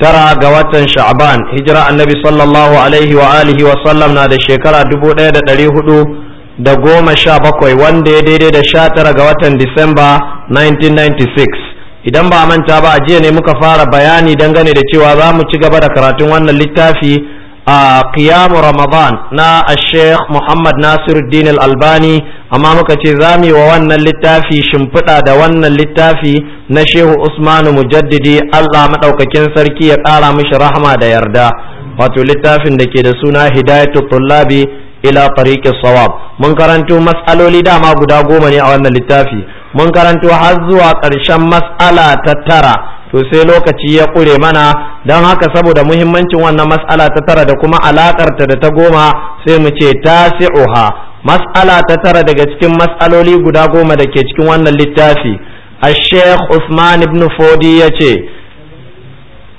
tara ga watan sha'aban hijira annabi sallallahu alaihi wa wa sallam na da shekara dubu ɗaya da ɗari hudu da goma sha bakwai wanda ya daidai da sha tara ga watan disamba 1996 idan ba a manta ba a jiya ne muka fara bayani dangane da cewa za mu ci gaba da karatun wannan littafi a qiyamu ramadan na a sheikh muhammad nasiruddin al-albani amma muka ce za mu yi wa wannan littafi shimfiɗa da wannan littafi na shehu usmanu mujaddidi allah maɗaukakin sarki ya ƙara mishi rahama da yarda wato littafin da ke da suna hidayatu tullabi ila tariqis sawab mun karanto mas'aloli dama guda goma ne a wannan littafi mun karanto har zuwa ƙarshen mas'ala ta tara to sai lokaci ya ƙure mana don haka saboda muhimmancin wannan mas'ala ta tara da kuma alaƙarta da ta goma sai mu ce tasi'uha mas'ala ta tara daga cikin mas'aloli guda goma da ke cikin wannan littafi الشيخ usman بن fodi ya ce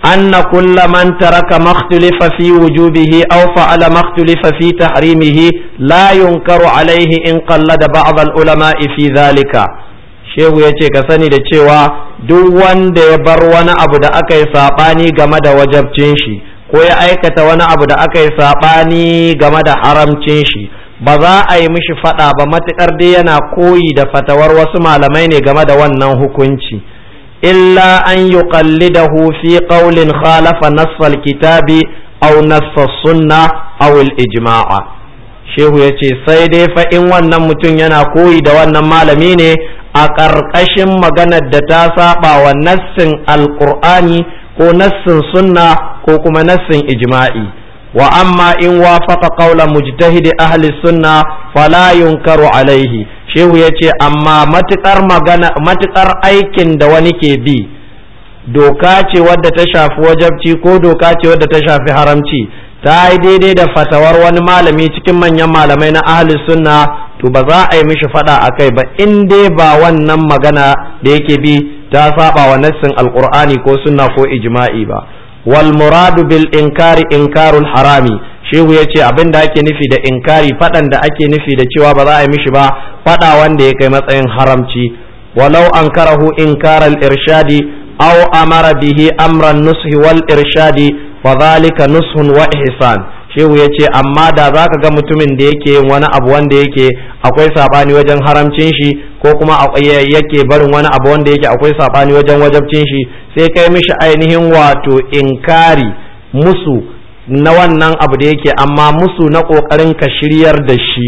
an من ترك ما اختلف fi wujubihi أو فعل ما fi في la yunkaru ينكر in إن قلد بعض ulama في zalika shehu ya ce ka sani da cewa duk wanda ya bar wani abu da aka yi saɓani game da wajabcin shi ko ya aikata wani abu da aka yi saɓani game da haramcin shi ba za a yi mishi fada ba matuƙar dai yana koyi da fatawar wasu malamai ne game da wannan hukunci illa an yuqallidahu fi qawlin khalafa nassal kitabi aw nassas sunna aw al ijma'a shehu yace sai dai fa in wannan mutum yana koyi da wannan malami ne a ƙarƙashin maganar da ta saba wa nassin alqur'ani ko nassin sunna ko kuma nassin ijma'i wa amma in wafaka kaula mujtahidi ahli sunna fala yunkaru alaihi shehu yace amma matukar magana matukar aikin da wani ke bi doka ce wadda ta shafi wajabci ko doka ce wadda ta shafi haramci ta yi daidai da fatawar wani malami cikin manyan malamai na ahli sunna to ba za a yi mishi fada akai ba in dai ba wannan magana da yake bi ta saba wa nassin alqur'ani ko sunna ko ijma'i ba wal muradu bil inkari inkarul harami shehu ya ce abin da ake nufi da inkari fadan da ake nufi da cewa ba za a yi mishi ba fada wanda ya kai matsayin haramci walau ankarahu inkaral irshadi aw amara bihi amran nushi wal irshadi fa zalika nushun wa ihsan shehu ya ce amma da za ka ga mutumin da yake yin wani abu wanda yake akwai sabani wajen haramcin shi ko kuma yake barin wani abu wanda yake akwai sabani wajen wajabcin shi sai kai mishi ainihin wato inkari musu na wannan abu da yake amma musu na ƙoƙarin ka shiryar da shi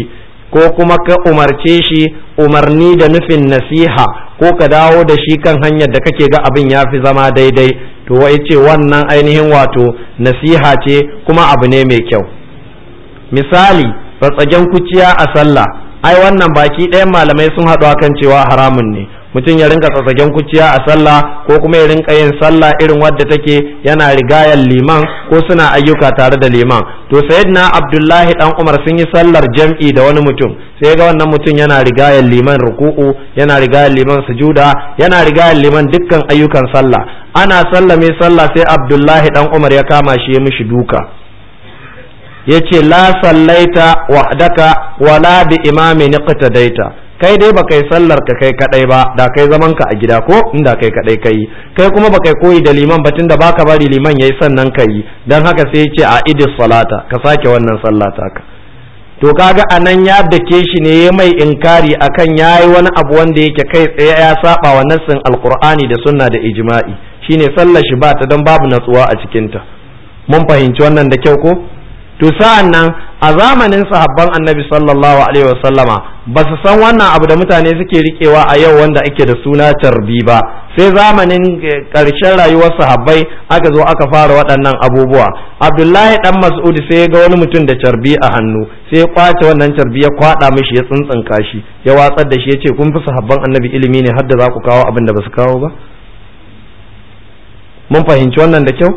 ko kuma ka umarce shi umarni da nufin nasiha ko ka dawo da shi kan hanyar da kake ga abin ya fi zama daidai to wai ce wannan ainihin wato nasiha ce kuma abu ne mai kyau misali fatsagen kuciya a sallah ai wannan baki ɗayan malamai sun haɗu kan cewa haramun ne mutum ya rinka sassagen kuciya a sallah ko kuma ya rinka yin sallah irin wadda take yana rigayar liman ko suna ayyuka tare da liman to sayyidina abdullahi dan umar sun yi sallar jam'i da wani mutum sai ga wannan mutum yana rigayar liman ruku'u yana rigayar liman sujuda yana rigayar liman dukkan ayyukan sallah ana sallame sallah sai abdullahi dan umar ya kama shi ya mishi duka yace la sallaita wahdaka wala bi imamin iqtadaita kai dai baka yi sallar ka kai kadai ba da kai zaman ka a gida ko inda kai kadai kai kai kuma baka yi koyi da liman ba tunda baka bari liman yayi sannan kai dan haka sai ya ce a idis salata ka sake wannan sallata ka to kaga anan ya dake shi ne ya mai inkari akan yayi wani abu wanda yake kai tsaye ya saba wa nassin alqur'ani da sunna da ijma'i shine sallar shi ba ta dan babu natsuwa a cikin ta mun fahimci wannan da kyau ko to sa'an nan a zamanin sahabban annabi sallallahu alaihi wasallama ba su san wannan abu da mutane suke rikewa a yau wanda ake da suna carbi ba sai zamanin eh, ƙarshen rayuwar sahabbai aka zo aka fara waɗannan abubuwa abdullahi dan Mas'udi sai ya ga wani mutum da carbi a hannu sai ya kwace wannan carbi ya kwaɗa mishi ya tsuntsunka shi ya watsar da shi ya ce kun fi sahabban annabi ilimi ne har da za ku kawo abin da ba su kawo ba mun fahimci wannan da kyau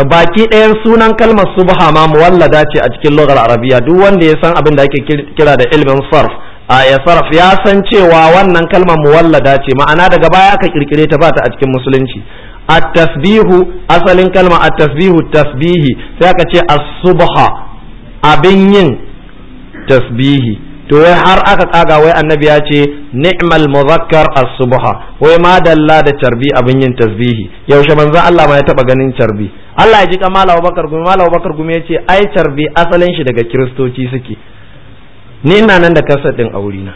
baki ɗayan sunan kalmar subha ma muwallada ce a cikin lugar arabiya duk wanda ya san abin da ake kira da ilmin sarf a ya sarf ya san cewa wannan kalmar muwallada ce ma'ana daga baya aka kirkire ta bata a cikin musulunci at-tasbihu asalin kalma at-tasbihu tasbihi sai aka ce as-subha abin yin tasbihi to wai har aka kaga wai annabi ya ce ni'mal muzakkar as-subha wai ma dalla da carbi abin yin tasbihi yaushe manzo Allah ma ya taba ganin carbi Allah ya ji ka Malam Abubakar Gumi Malam Abubakar Gumi yace ai carbi asalin shi daga kiristoci suke ni ina nan da kasar din aure na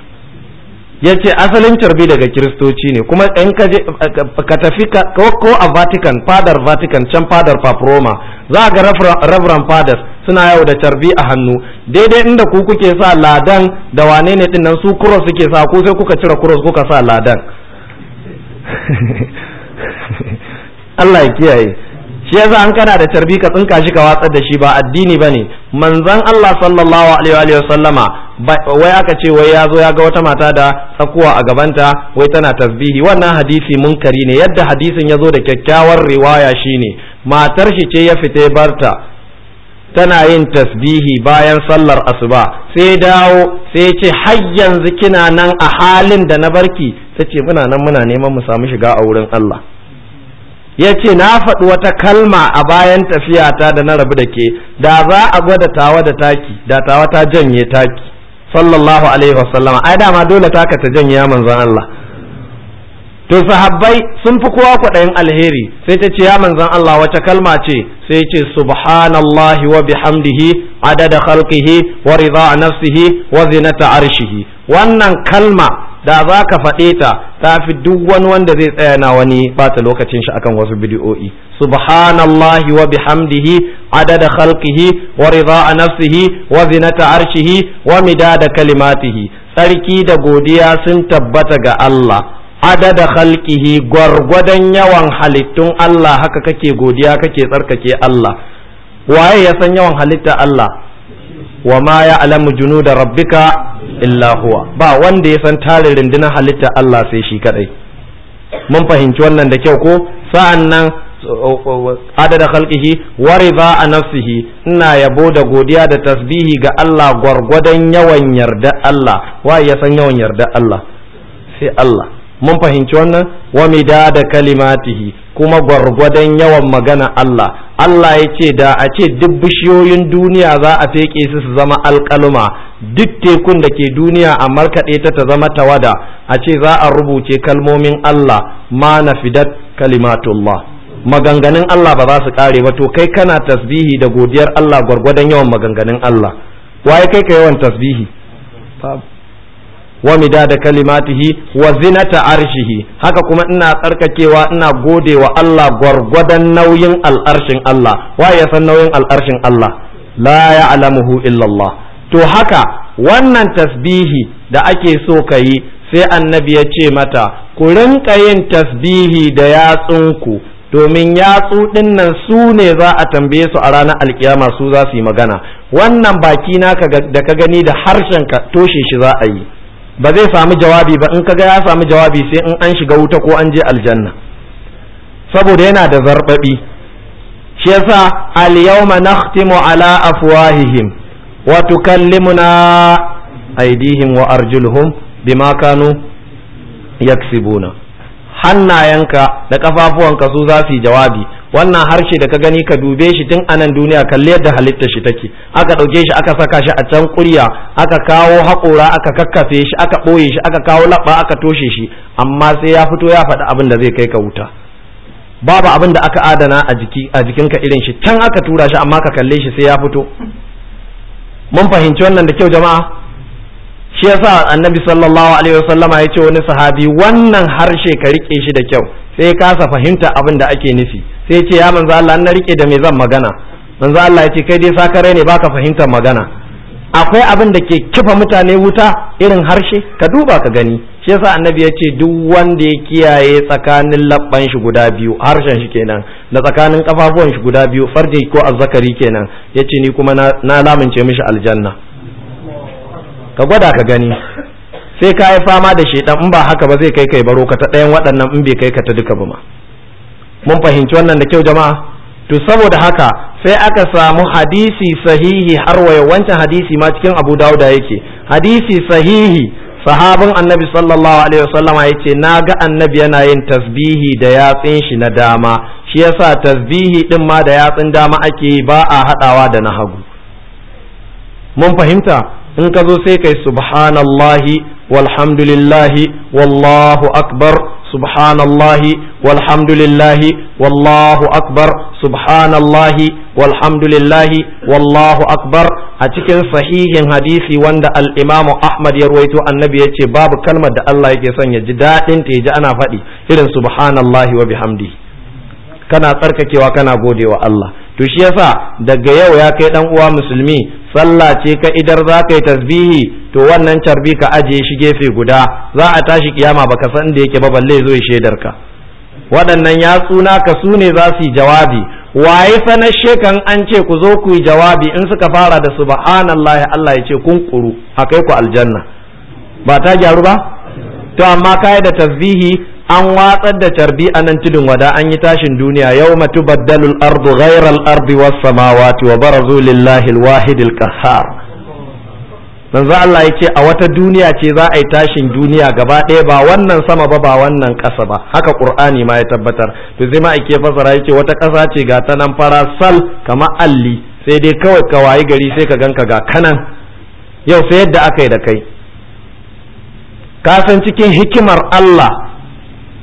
yace asalin carbi daga kiristoci ne kuma in ka je ka tafi ko a Vatican fadar Vatican can fadar Paproma za ga Reverend Fathers suna yau da carbi a hannu daidai inda ku kuke sa ladan da wane ne din nan su cross suke sa ko sai kuka cire cross kuka sa ladan Allah ya kiyaye shi yasa an kana da tarbi ka tsinka shi ka watsar da shi ba addini bane manzon Allah sallallahu alaihi wa sallama wai aka ce wai ya zo ya ga wata mata da tsakuwa a gabanta wai tana tasbihi wannan hadisi munkari ne yadda hadisin ya zo da kyakkyawar riwaya shine matar shi ce ya fita barta tana yin tasbihi bayan sallar asuba sai dawo sai ce har yanzu kina nan a halin da na barki tace muna nan muna neman mu samu shiga a wurin Allah ya ce na faɗi wata kalma a bayan tafiyata da na rabu da ke da za a gwada tawa da taki da tawa ta janye taki sallallahu alaihi wasallama ai dama dole taka ta janye manzon Allah to sahabbai sun fi kowa kwaɗayin alheri sai ta ce ya manzon Allah wata kalma ce sai ce subhanallahi wa bihamdihi adada khalqihi wa rida nafsihi wa zinata arshihi wannan kalma da za ka faɗe ta ta fi duk wani wanda zai tsaya na wani bata lokacin shi akan wasu bidiyo'i subhanallahi wa bihamdihi adada khalqihi wa ridha nafsihi wa zinata arshihi wa midada kalimatihi tsarki da godiya sun tabbata ga Allah adada khalqihi gwargwadon yawan halittun Allah haka kake godiya kake tsarkake Allah waye ya san yawan halitta Allah wa ma ya junuda rabbika illa huwa ba wanda ya san tarin rundunar halitta Allah sai shi kadai mun fahimci wannan da kyau ko sa'an nan adada khalqihi wa ba a nafsihi ina yabo da godiya da tasbihi ga Allah gwargwadon yawan yarda Allah wa ya san yawan yarda Allah sai Allah mun fahimci wannan wa midada kalimatihi kuma gwargwadon yawan magana Allah Allah ya ce da a ce duk bishiyoyin duniya za a feƙe su su zama alƙaluma duk tekun da ke duniya a markaɗe ta ta zama tawada a ce za a rubuce kalmomin Allah ma na fidat kalimatullah maganganun Allah ba za su ƙare ba to kai kana tasbihi da godiyar Allah gwargwadon yawan maganganun Allah waye kai ka yawan tasbihi wa midada kalimatihi wa zinata arshihi haka kuma ina tsarkakewa ina gode wa Allah gwargwadon nauyin al'arshin Allah wa ya san nauyin al'arshin Allah la ya'lamuhu illallah to haka wannan tasbihi da ake so ka yi sai annabi ya ce mata ku rinka yin tasbihi da yatsunku domin yatsu din nan su ne za a tambaye su a ranar alkiyama su za su yi magana wannan baki naka da ka gani da harshen ka toshe shi za a yi ba zai samu jawabi ba in kaga ya samu jawabi sai in an shiga wuta ko an je aljanna saboda yana da zarbabi shi yasa al yawma nakhtimu ala afwahihim wa tukallimuna aydihim wa arjuluhum bima kanu yaksibuna hannayenka da kafafuwanka su za su yi jawabi wannan harshe da ka gani ka dube shi tun anan duniya kalli yadda halitta shi take aka ɗauke shi aka saka shi a can kurya aka kawo haƙora aka kakkafe shi aka ɓoye shi aka kawo laɓa aka toshe shi amma sai ya fito ya faɗi abin da zai kai ka wuta babu abin da aka adana a jiki a jikinka irin shi can aka tura shi amma ka kalle shi sai ya fito mun fahimci wannan da kyau jama'a shi yasa annabi sallallahu alaihi wasallama ya ce wani sahabi wannan harshe ka rike shi da kyau sai kasa fahimta abin da ake nufi sai ce ya manzo Allah na rike da me zan magana manzo Allah ya ce kai dai rai ne baka fahimtar magana akwai abin da ke kifa mutane wuta irin harshe ka duba ka gani shi yasa annabi ya ce duk wanda ya kiyaye tsakanin labban shi guda biyu harshen shi kenan da tsakanin kafafuwan shi guda biyu farji ko azzakari kenan yace ni kuma na lamince mishi aljanna ka gwada ka gani sai ka yi fama da shaidan in ba haka ba zai kai kai baro ka ta ɗayan waɗannan in bai kai ka ta duka ba ma mun fahimci wannan da kyau jama'a to saboda haka sai aka samu hadisi sahihi har waya wancan hadisi ma cikin abu dauda yake hadisi sahihi sahabin annabi sallallahu alaihi wasallama yace na ga annabi yana yin tasbihi da yatsin shi na dama shi yasa tasbihi din ma da yatsin dama ake ba a hadawa da na hagu mun fahimta in ka zo sai kai subhanallahi walhamdulillahi wallahu akbar subhanallahi walhamdulillahi wallahu akbar subhanallahi walhamdulillahi wallahu akbar a cikin sahihin hadisi wanda al-imamu ahmad ya ruwaito annabi ya ce babu kalmar da Allah yake son ya ji daɗin ta ya ji ana faɗi irin subhanallahi wa bihamdihi kana tsarkakewa kana godewa Allah to shi yasa daga yau ya kai dan uwa musulmi sallah ce ka idar za ka yi tasbihi to wannan carbi ka ajiye shi gefe guda za a tashi kiyama ka san da yake ba balle zo ya ka waɗannan yatsuna ka su ne za su yi jawabi waye sanar shekan an ce ku zo ku yi jawabi in suka fara da subhanallahi Allah ya ce kun kuru kai ku aljanna ba ta gyaru ba to amma kai da tasbihi an watsar da carbi a nan tudun wada an yi tashin duniya yau matu baddalul ardu ghairal ardi was samawati wa barazu lillahi alwahid manzo Allah yace a wata duniya ce za a yi tashin duniya gaba ɗaya ba wannan sama ba ba wannan ƙasa ba haka qur'ani ma ya tabbatar to sai ma ake fasara yace wata ƙasa ce ga ta nan fara sal kamar alli sai dai kawai ka wayi gari sai ka ganka ga kanan yau sai yadda aka yi da kai ka san cikin hikimar Allah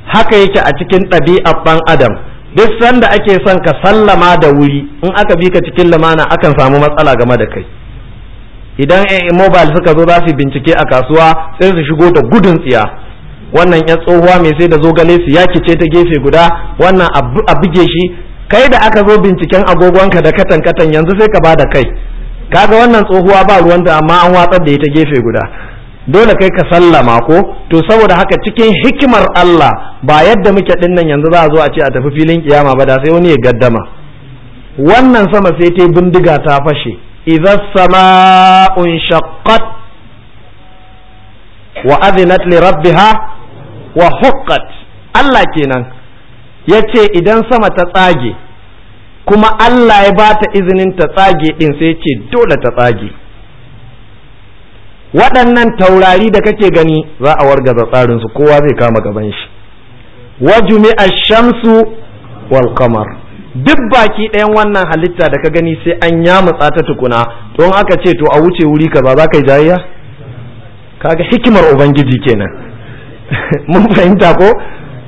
haka yake a cikin ɗabi'ar ɗan adam duk sanda ake son ka sallama da wuri in aka bi ka cikin lumana akan samu matsala game da kai idan yan mobile suka zo za su bincike a kasuwa sai su shigo da gudun tsiya wannan ya tsohuwa mai sai da zogale su yakice ta gefe guda wannan a buge shi kai da aka zo binciken agogonka da katan katan yanzu sai ka ba da kai kaga wannan tsohuwa ba ruwan da amma an watsar da ita gefe guda dole kai ka sallama ko to saboda haka cikin hikimar Allah ba yadda muke dinnan yanzu za a zo a ce a tafi filin kiyama ba da sai wani ya gaddama wannan sama sai ta bindiga ta fashe idza sama'un shaqqat wa adhinat li rabbiha wa huqqat Allah kenan yace idan sama ta tsage kuma Allah ya ba ta izinin ta tsage din sai ce dole ta tsage waɗannan taurari da kake gani za a warga wargaza su kowa zai kama gaban shi wajumi shamsu wal qamar duk baki ɗayan wannan halitta da ka gani sai an yamutsa ta tukuna don aka ce to a wuce wuri ka ba za ka yi jayayya kaga hikimar ubangiji kenan mun fahimta ko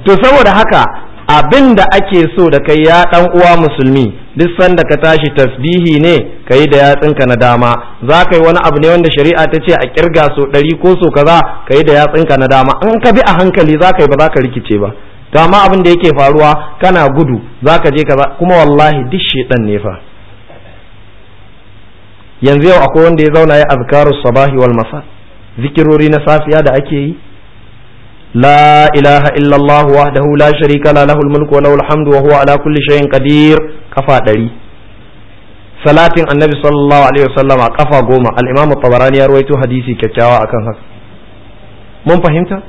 to saboda haka abin da ake so da kai ya ɗan uwa musulmi duk sanda ka tashi tasbihi ne ka yi da yatsinka na dama za ka yi wani abu ne wanda shari'a ta ce a kirga so ɗari ko so kaza ka yi da yatsinka na dama in ka bi a hankali za ka yi ba za ka rikice ba to amma abin da yake faruwa kana gudu za ka je kaza kuma wallahi duk shedan ne fa yanzu yau akwai wanda ya zauna ya azkaru sabahi wal masa zikirori na safiya da ake yi لا إله إلا الله وحده لا شريك له له الملك وله الحمد وهو على كل شيء قدير kafa ɗari salatin annabi sallallahu alaihi wasallama kafa goma al'imamu tabarani ya ruwaito hadisi kyakkyawa akan haka mun fahimta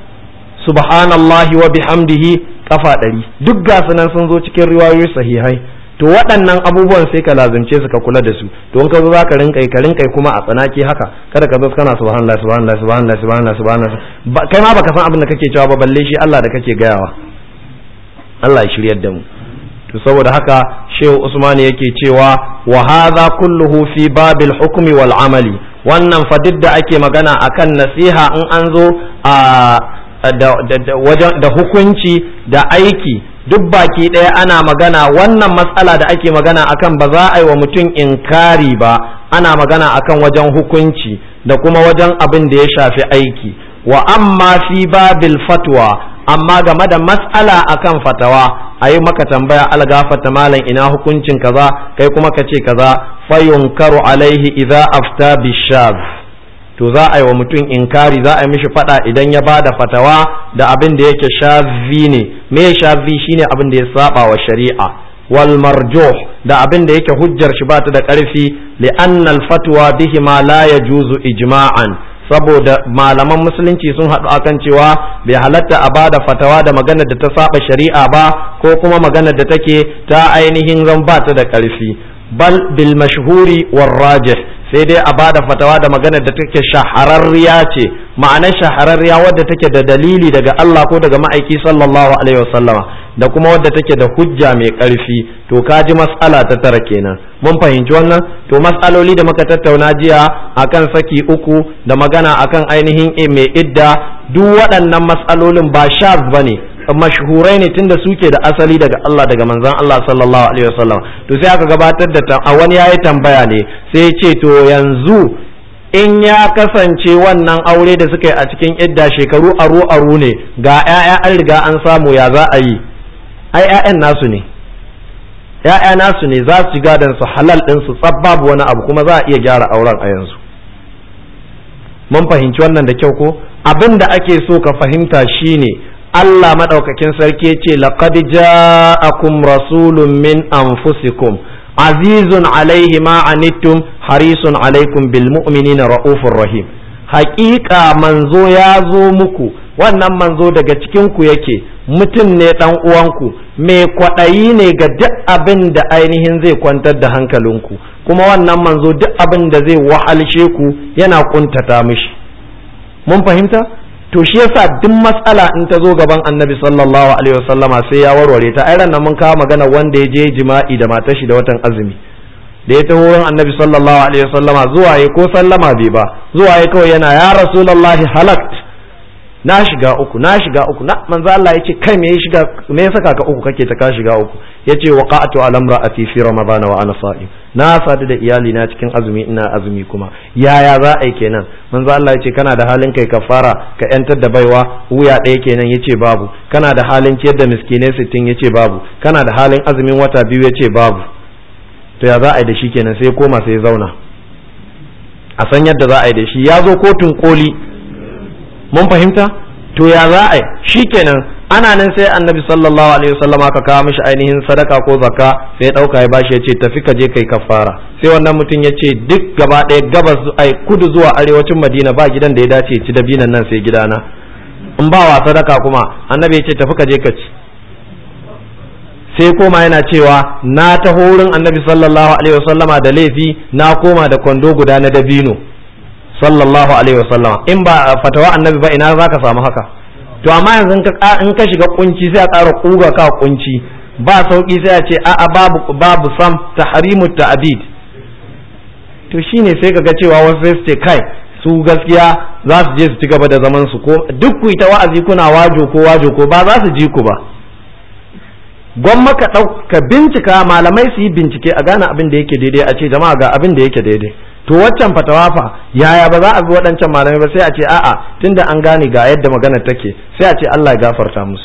subhanallahi wa bihamdihi kafa ɗari duk gasu nan sun zo cikin riwayoyi sahihai to waɗannan abubuwan sai ka lazimce su ka kula da su to in ka zo zaka rinkai ka rinkai kuma a tsanaki haka kada ka zo kana subhanallah subhanallah subhanallahi subhanallahi subhanallahi kai ma baka san abin da kake cewa ba balle shi Allah da kake gayawa Allah ya shiryar da mu to saboda haka shehu usman yake cewa wa hadha kulluhu fi babil hukmi wal amali wannan fa duk ake magana akan nasiha in an zo a da hukunci da aiki duk baki ɗaya ana magana wannan matsala da ake magana akan ba za a yi wa mutum inkari ba ana magana akan wajen hukunci da kuma wajen abin da ya shafi aiki wa amma fi babil fatwa amma game da matsala akan fatawa a yi maka tambaya algafata malam ina hukuncin kaza kai kuma ka ce kaza fayunkaru alaihi idza afta bishaz to za a yi wa mutum inkari za a yi mishi fada idan ya bada fatawa da abin da yake shazi ne me shazi shine abin da ya saba wa shari'a wal marjuh da abin da yake hujjar shi bata da karfi li anna al fatwa bihima la yajuzu ijma'an saboda malaman musulunci sun haɗu akan cewa bai halatta a ba da fatawa da magana da ta saba shari'a ba ko kuma magana da take ta ainihin zan ba ta da ƙarfi bal bil mashhuri war rajih sai dai a ba da fatawa da magana da take shahararriya ce ma'anar shahararriya wadda take da dalili daga Allah ko daga ma'aiki sallallahu alaihi wasallama da kuma wadda take da hujja mai ƙarfi to ka ji mas'ala ta tara kenan mun fahimci wannan to mas'aloli da muka tattauna jiya akan saki uku da magana akan ainihin e mai idda duk waɗannan mas'alolin ba shaz ne. mashhurai ne tunda suke da asali daga Allah daga manzon Allah sallallahu alaihi wasallam to sai aka gabatar da a wani yayi tambaya ne sai ya ce to yanzu in ya kasance wannan aure da suka yi a cikin idda shekaru aro aro ne ga 'ya'ya an riga an samu ya za a yi ai ƴaƴan nasu ne ƴaƴa nasu ne za su gadan su halal din su sababu wani abu kuma za a iya gyara auren a yanzu mun fahimci wannan da kyau ko abin da ake so ka fahimta shine Allah madaukakin sarki ce laqad ja'akum rasulun min anfusikum azizun alaihi ma anittum harisun alaikum bil mu'minina raufur rahim haƙiƙa manzo ya zo muku wannan manzo daga cikin ku yake mutum ne ɗan uwanku mai kwaɗayi ne ga duk abin da ainihin zai kwantar da hankalinku kuma wannan manzo duk abin da zai wahalshe ku yana kuntata mishi mun fahimta to shi yasa duk matsala in ta zo gaban annabi sallallahu alaihi wasallama sai ya warware ta ai nan mun kawo magana wanda ya je jima'i da matar shi da watan azumi da ya taho wurin annabi sallallahu alaihi wasallama zuwa ko sallama bai ba zuwa kawai yana ya rasulullahi halakt na shiga uku na shiga uku na manzo Allah yace kai me ya shiga me ya saka ka uku kake ta ka shiga uku yace waqa'atu ala imra'ati fi ramadana wa ana sa'im na sadu da iyali na cikin azumi ina azumi kuma yaya za a yi kenan manzo Allah yace kana da halin kai kafara ka yantar da baiwa wuya ɗaya kenan yace babu kana da halin ciyar da miskinai sittin yace babu kana da halin azumin wata biyu yace babu to ya za a yi da shi kenan sai koma sai zauna a san yadda za a yi da shi ya zo kotun koli mun fahimta to ya za a shikenan ana nan sai annabi sallallahu alaihi wasallam aka kawo mishi ainihin sadaka ko zakka sai ya dauka ya bashi ya ce tafi ka je kai kafara sai wannan mutum ya ce duk gaba ɗaya gabas ai kudu zuwa arewacin madina ba gidan da ya dace ci dabinan nan sai gidana in ba wa sadaka kuma annabi ya ce tafi ka je ka ci sai koma yana cewa na taho wurin annabi sallallahu alaihi wasallama da laifi na koma da kwando guda na dabino sallallahu alaihi wasallam in ba fatawa annabi ba ina zaka samu haka to amma yanzu in ka shiga kunci sai a ƙara kuga ka kunci ba sauki sai a ce a'a babu babu sam tahrimu ta'did to shine sai kaga cewa wasu sai su ce kai su gaskiya za su je su ci gaba da zaman su ko duk ku ta wa'azi kuna wajo ko wajo ko ba za su ji ku ba gwamma ka ɗauka bincika malamai su yi bincike a gane abin da yake daidai a ce jama'a ga abin da yake daidai to waccan fatawa fa yaya ba za a bi waɗancan malamai ba sai a ce a'a tunda an gane ga yadda magana take sai a ce Allah ya gafarta musu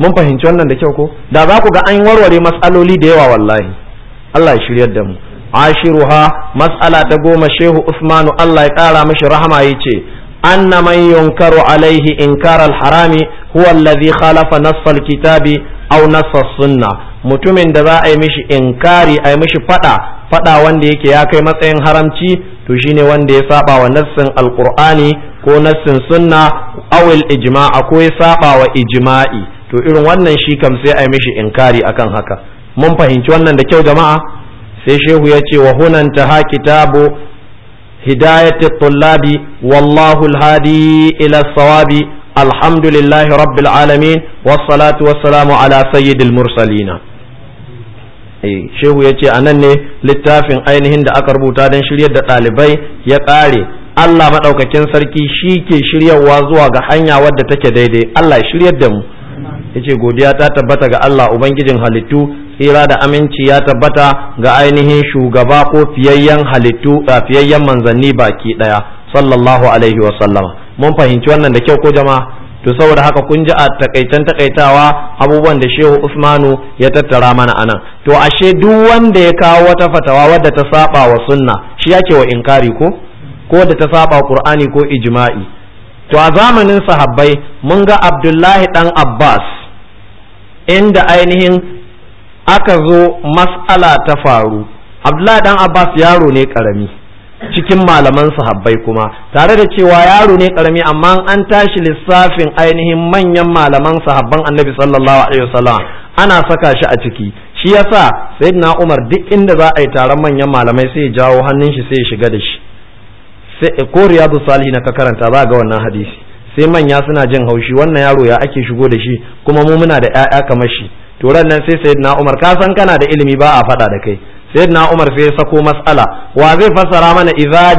mun fahimci wannan da kyau ko da za ku ga an warware matsaloli da yawa wallahi Allah ya shiryar da mu ashiruha mas'ala ta goma shehu usmanu Allah ya kara mishi rahama ya ce anna man yunkaru alaihi inkar harami huwa alladhi khalafa nass alkitabi kitabi aw nass sunna. mutumin da za a yi mishi inkari a yi mishi fada faɗa wanda yake ya kai matsayin haramci to shine wanda ya saba wa nassin alqur'ani ko nassin sunna awil ijma'a ko ya saba wa ijma'i to irin wannan shi kam sai a yi mishi inkari akan haka mun fahimci wannan da kyau jama'a sai shehu ya ce wa hunanta ha kitabu هداية الطلاب والله الهادي إلى الصواب الحمد لله رب العالمين والصلاة والسلام على سيد Eh, shehu ya ce a nan ne littafin ainihin da aka rubuta don shiryar da ɗalibai ya ƙare Allah maɗaukakin sarki shi ke shiryarwa zuwa ga hanya wadda take daidai Allah ya shiryar da mu ya ce godiya ta tabbata ga Allah Ubangijin halittu tsira da aminci ya tabbata ga ainihin shugaba ko fiyayyen halittu fiyayyen manzanni baki ɗaya sallallahu alaihi wa sallama mun fahimci wannan da kyau ko jama'a to saboda haka kun ji a takaitan takaitawa abubuwan da shehu usmanu ya tattara mana anan to ashe duk wanda ya kawo wata fatawa wadda ta saba wa sunna shi yake wa inkari ko ko da ta saba qur'ani ko ijma'i to a zamanin sahabbai mun ga abdullahi dan abbas inda ainihin aka zo mas'ala ta faru abdullahi dan abbas yaro ne karami cikin malaman sahabbai kuma tare da cewa yaro ne karami amma an tashi lissafin ainihin manyan malaman sahabban annabi sallallahu alaihi wasallam ana saka shi a ciki shi yasa sayyidina Umar duk inda za a yi taron manyan malamai sai ya jawo hannun shi sai ya shiga da shi sai eh, ko riyadu na ka karanta za ga wannan hadisi sai manya suna jin haushi wannan yaro ya ake shigo da shi kuma mu muna da 'ya'ya kamar shi to ran nan sai sayyidina Umar ka san kana da ilimi ba a faɗa da kai sayyidina Umar sai ya sako matsala wa zai fassara mana idza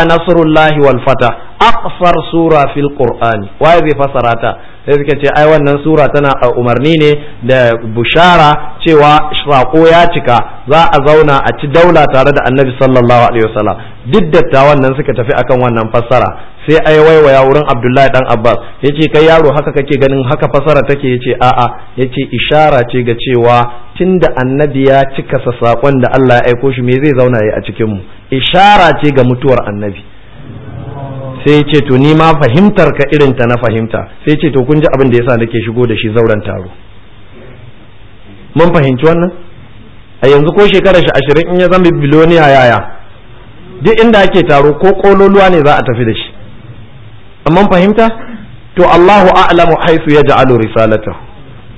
a nasrullahi wal fatah aqsar sura fil qur'ani wa zai fasara ta sai suka ce ai wannan sura tana umarni ne da bushara cewa sako ya cika za a zauna a ci daula tare da annabi sallallahu alaihi wasallam duk dattawan nan suka tafi akan wannan fassara sai ai waiwaya wurin Abdullahi dan Abbas yace kai yaro haka kake ganin haka fasara take yace a'a yace ishara ce ga cewa tun da annabi ya cika sa saƙon da Allah ya aiko shi me zai zauna ya a mu ishara ce ga mutuwar annabi sai ya ce to ni ma fahimtar ka irin ta na fahimta sai ya ce to kun ji abin da yasa nake shigo da shi zauren taro mun fahimci wannan a yanzu ko shekarar shi ashirin in ya zama biloniya yaya duk inda ake taro ko kololuwa ne za a tafi da shi amma fahimta to Allahu a'lamu haythu yaj'alu risalatahu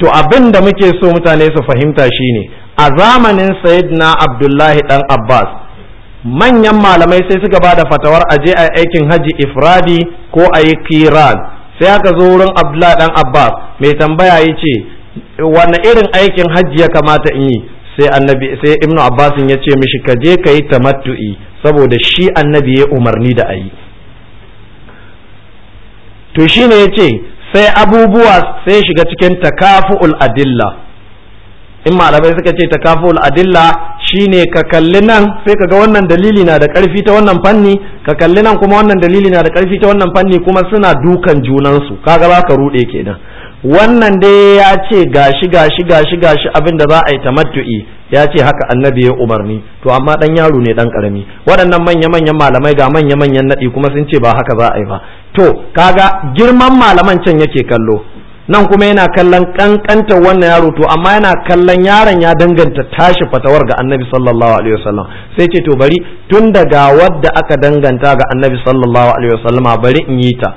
to abin da muke so mutane su fahimta shine a zamanin sayyidina abdullahi dan abbas manyan malamai sai suka bada fatawar a je a aikin haji ifradi ko a yi kiran sai aka zo wurin abdullahi dan abbas mai tambaya ya ce wani irin aikin haji ya kamata in yi sai annabi sai ibnu abbas ya ce mishi ka je ka yi tamattu'i saboda shi annabi ya umarni da ayi to shine ya ce sai abubuwa sai shiga cikin takafu'ul adilla in malamai suka ce takafu'ul adilla shine ka kalli nan sai ka ga wannan dalili na da ƙarfi ta wannan fanni ka kalli nan kuma wannan dalili na da ƙarfi ta wannan fanni kuma suna dukan junansu kaga ba ka rude kenan wannan dai ya ce gashi gashi gashi gashi abin da za a yi tamattu'i ya ce haka annabi ya umarni to amma dan yaro ne dan karami waɗannan manya manyan malamai ga manya manyan nadi kuma sun ce ba haka za a yi ba to kaga girman malaman can yake kallo nan kuma yana kallon kankanta wannan yaro to amma yana kallon yaron ya danganta tashi fatawar ga annabi sallallahu alaihi wasallam sai ce to bari tun daga wadda aka danganta ga annabi sallallahu alaihi wasallama bari in yi ta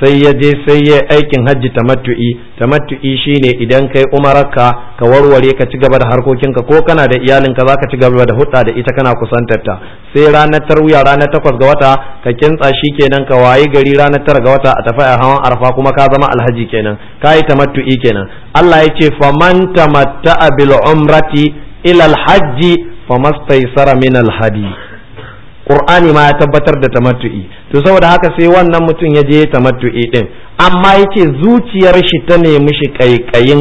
sai ya je sai ya aikin hajji tamattu'i tamattu'i shine idan kai umararka ka warware ka ci gaba da harkokinka ko kana da iyalinka za ka ci gaba da hudda da ita kana kusantar ta sai ranar tarwiya ranar takwas ga wata ka kintsa shi kenan ka wayi gari ranar tara ga wata a tafi a hawan arfa kuma ka zama alhaji kenan ka yi tamattu'i kenan Allah ya ce faman tamatta'a bil umrati ila alhajji famastaysara min alhadi qur'ani ma ya tabbatar da tamattu'i to saboda haka sai wannan mutum ya je tamattu'i din amma yace zuciyar shi ta nemi shi kaikayin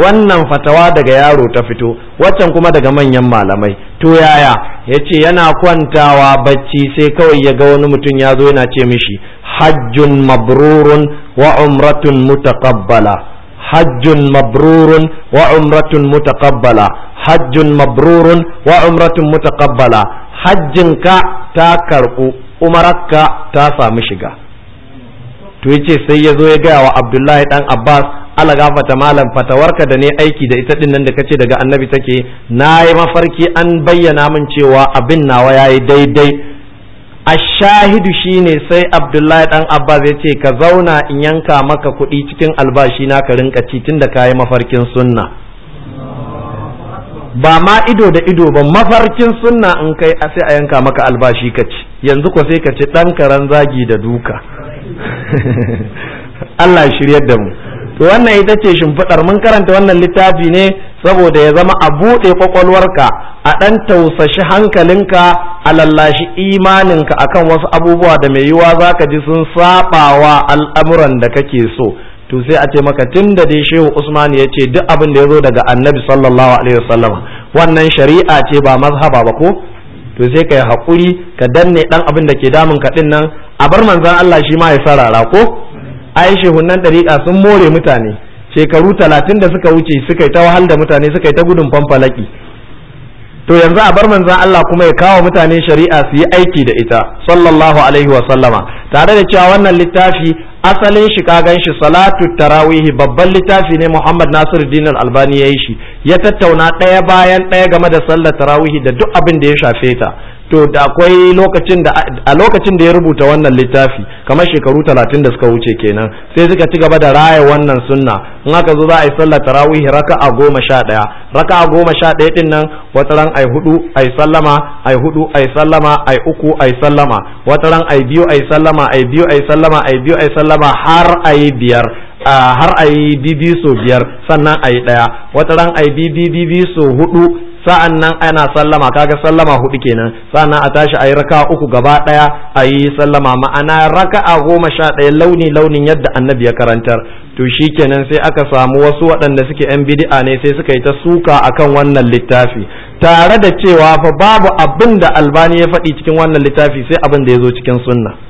wannan fatawa daga yaro ta fito waccan kuma daga manyan malamai to yaya yace yana kwantawa bacci sai kawai ya ga wani mutum ya zo yana ce mishi hajjun mabrurun wa umratun mutaqabbala hajjun mabrurun wa umratun mutaqabbala hajjun mabrurun wa umratun mutaqabbala hajjin ka ta karɓu umarakka ta samu shiga to yace sai ya zo ya gaya wa abdullahi dan abbas ala gafata malam fatawarka da ne aiki da ita dinnan da kace daga annabi take na yi mafarki an bayyana min cewa abin nawa ya yi daidai ashahidu shine sai abdullahi dan abbas ya ce ka zauna in yanka maka kuɗi cikin albashi na ka rinka ci tun da ka yi mafarkin sunna ba ma ido da ido ba mafarkin sunna in kai a sai a yanka maka albashi ka ci yanzu ko sai ka ci ɗan karen zagi da duka Allah shiryar da mu to wannan ita ce shimfiɗar mun karanta wannan littafi ne saboda ya zama a buɗe kwakwalwarka a ɗan tausashi hankalinka a lallashi imaninka akan wasu abubuwa da mai yiwuwa za ka ji sun saɓawa al'amuran da kake so to sai a ce maka tun da dai shehu usman ya ce duk abin da ya zo daga annabi sallallahu alaihi wasallama wannan shari'a ce ba mazhaba ba ko to sai ka yi haƙuri ka danne ɗan abin da ke damun ka din nan a bar manzan Allah shi ma ya sarara ko ai shehunan ɗariƙa sun more mutane shekaru talatin da suka wuce suka yi ta wahal da mutane suka yi ta gudun fanfalaki to yanzu a bar manzan Allah kuma ya kawo mutane shari'a su yi aiki da ita sallallahu alaihi wa sallama tare da cewa wannan littafi asalin shi ka shi salatu tarawihi babban littafi ne Muhammad Nasiru Dinar Albani ya yi shi ya tattauna ɗaya bayan ɗaya game da sallar tarawihi da duk abin da ya shafe ta to da akwai lokacin da a lokacin da ya rubuta wannan littafi kamar shekaru talatin da suka wuce kenan sai suka ci gaba da raya wannan sunna in aka zo za a yi sallar tarawih a goma sha ɗaya a goma sha ɗaya din nan ran ai hudu ai sallama ai hudu ai sallama ai uku ai sallama ran ai biyu ai sallama ai biyu ai sallama ai biyu ai sallama har ai biyar har ai bibi so biyar sannan ai daya ɗaya wata ran ai bibi bibi so hudu sa'an nan ana sallama kaga sallama hudu kenan sa'an nan a tashi a yi raka uku gaba ɗaya a yi sallama ma'ana raka'a goma sha ɗaya launi launin yadda annabi ya karantar to shi kenan sai aka samu wasu waɗanda suke yan bid'a ne sai suka yi ta suka akan wannan littafi tare da cewa fa babu abin da albani ya faɗi cikin wannan littafi sai abin da ya zo cikin sunna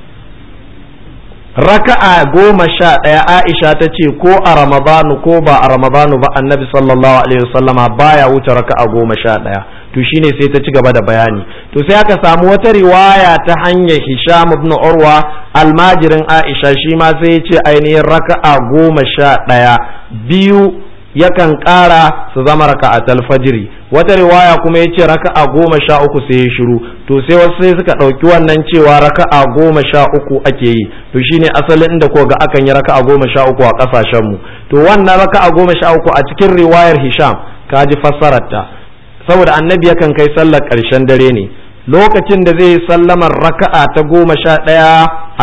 raka'a goma sha ɗaya aisha ta ce ko a ramadanu ko ba a ramadanu ba annabi sallallahu alaihi wasallama baya wuce raka'a goma sha ɗaya to shine sai ta ci gaba da bayani to sai aka samu wata riwaya ta hanyar hisham ibn urwa almajirin aisha shi ma sai ya ce ainihin raka'a goma sha ɗaya biyu yakan ƙara su zama raka'atul fajiri wata riwaya kuma ya ce raka'a goma sha uku sai ya shiru to sai wasu sai suka ɗauki wannan cewa raka'a goma sha uku ake yi to shine asalin inda ko ga akan yi raka'a goma sha uku a ƙasashen mu to wannan raka'a goma sha uku a cikin riwayar Hisham kaji ji fassararta saboda annabi yakan kai sallar ƙarshen dare ne lokacin da zai sallamar raka'a ta goma sha ɗaya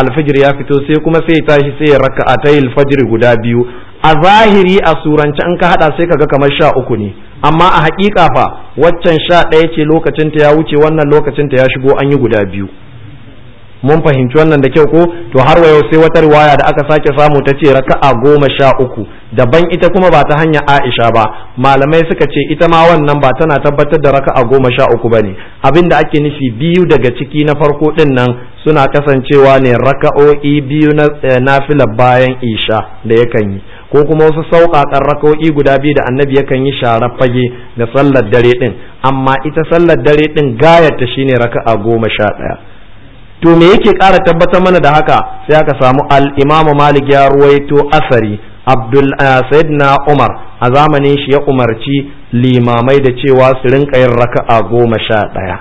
alfijir ya fito sai kuma sai ya tashi sai ya raka'a ta alfajiri guda biyu a zahiri a surance in ka hada sai ka ga kamar sha uku ne amma a hakika fa waccan sha ɗaya ce lokacin ta ya wuce wannan lokacin ta ya shigo an yi guda biyu mun fahimci wannan da kyau ko to har wa yau sai wata riwaya da aka sake samu ta ce raka'a goma sha uku daban ita kuma ba ta hanya Aisha ba malamai suka ce ita ma wannan ba tana tabbatar da raka'a goma sha uku ba ne abinda ake nufi biyu daga ciki na farko din nan suna kasancewa ne raka'o'i biyu na eh, nafila bayan Isha da yakan yi ko kuma wasu sauƙaƙan rako'i guda biyu da annabi yakan yi sharar fage da sallar dare ɗin amma ita sallar dare ɗin gayarta shine raka'a goma sha ɗaya to me yake ƙara tabbatar mana da haka sai aka samu al malik ya ruwaito asari abdul eh, sayyidina umar a zamanin shi ya umarci limamai da cewa su rinƙa yin raka'a goma sha ɗaya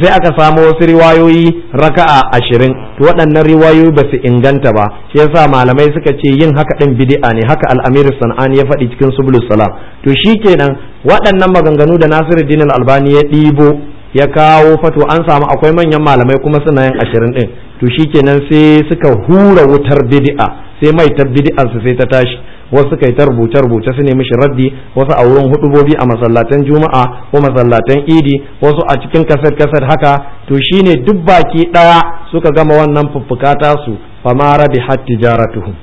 sai aka samu wasu riwayoyi raka'a ashirin to waɗannan riwayoyi ba su inganta ba shi yasa malamai suka ce yin haka ɗin bidi'a ne haka al'amir sana'an ya faɗi cikin subulus salam to shi kenan waɗannan maganganu da nasiru dini albani ya ɗibo ya kawo fato an samu akwai manyan malamai kuma suna yin ashirin ɗin to shi kenan sai suka hura wutar bid'a sai mai ta bid'ar su sai ta tashi wasu kai ta rubuce rubuce su ne mishi raddi wasu a wurin hudubobi a masallatan juma'a ko masallatan idi wasu a cikin kasar-kasar haka to shine duk baki ɗaya suka gama wannan fuffukata su fama rabi hat tijaratuhum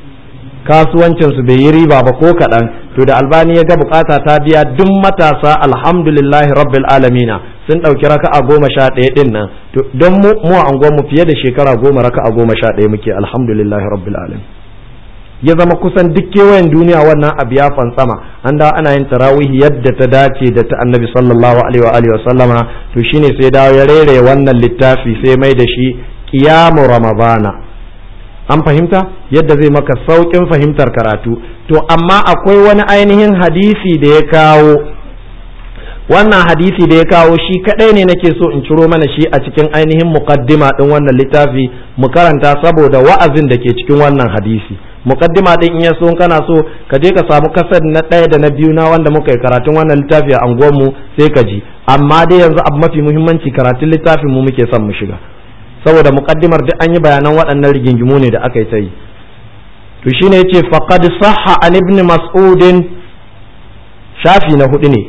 kasuwancin su bai yi riba ba ko kaɗan to da albani ya ga bukata ta biya duk matasa alhamdulillahi rabbil alamina sun ɗauki raka a goma sha ɗaya ɗin nan don mu a mu fiye da shekara goma raka a goma sha ɗaya muke alhamdulillahi rabbil alamina. ya zama kusan duk kewayen duniya wannan abu ya fansama an da ana yin tarawih yadda ta dace da ta annabi sallallahu alaihi wa sallama to shine sai dawo ya rere wannan littafi sai mai da shi qiyamu ramadana an fahimta yadda zai maka saukin fahimtar karatu to amma akwai wani ainihin hadisi da ya kawo wannan hadisi da ya kawo shi kadai ne nake so in ciro mana shi a cikin ainihin muqaddima din wannan littafi mu karanta saboda wa'azin da ke cikin wannan hadisi muqaddima din in yaso kana so ka je ka samu kasar na ɗaya da na biyu na wanda muka yi karatun wannan littafi a mu sai ka ji amma dai yanzu abu mafi muhimmanci karatun littafin mu muke son mu shiga saboda muqaddimar duk an yi bayanan waɗannan rigingimu ne da aka yi ta yi to shine yace faqad sahha an ibn mas'udin shafi na hudu ne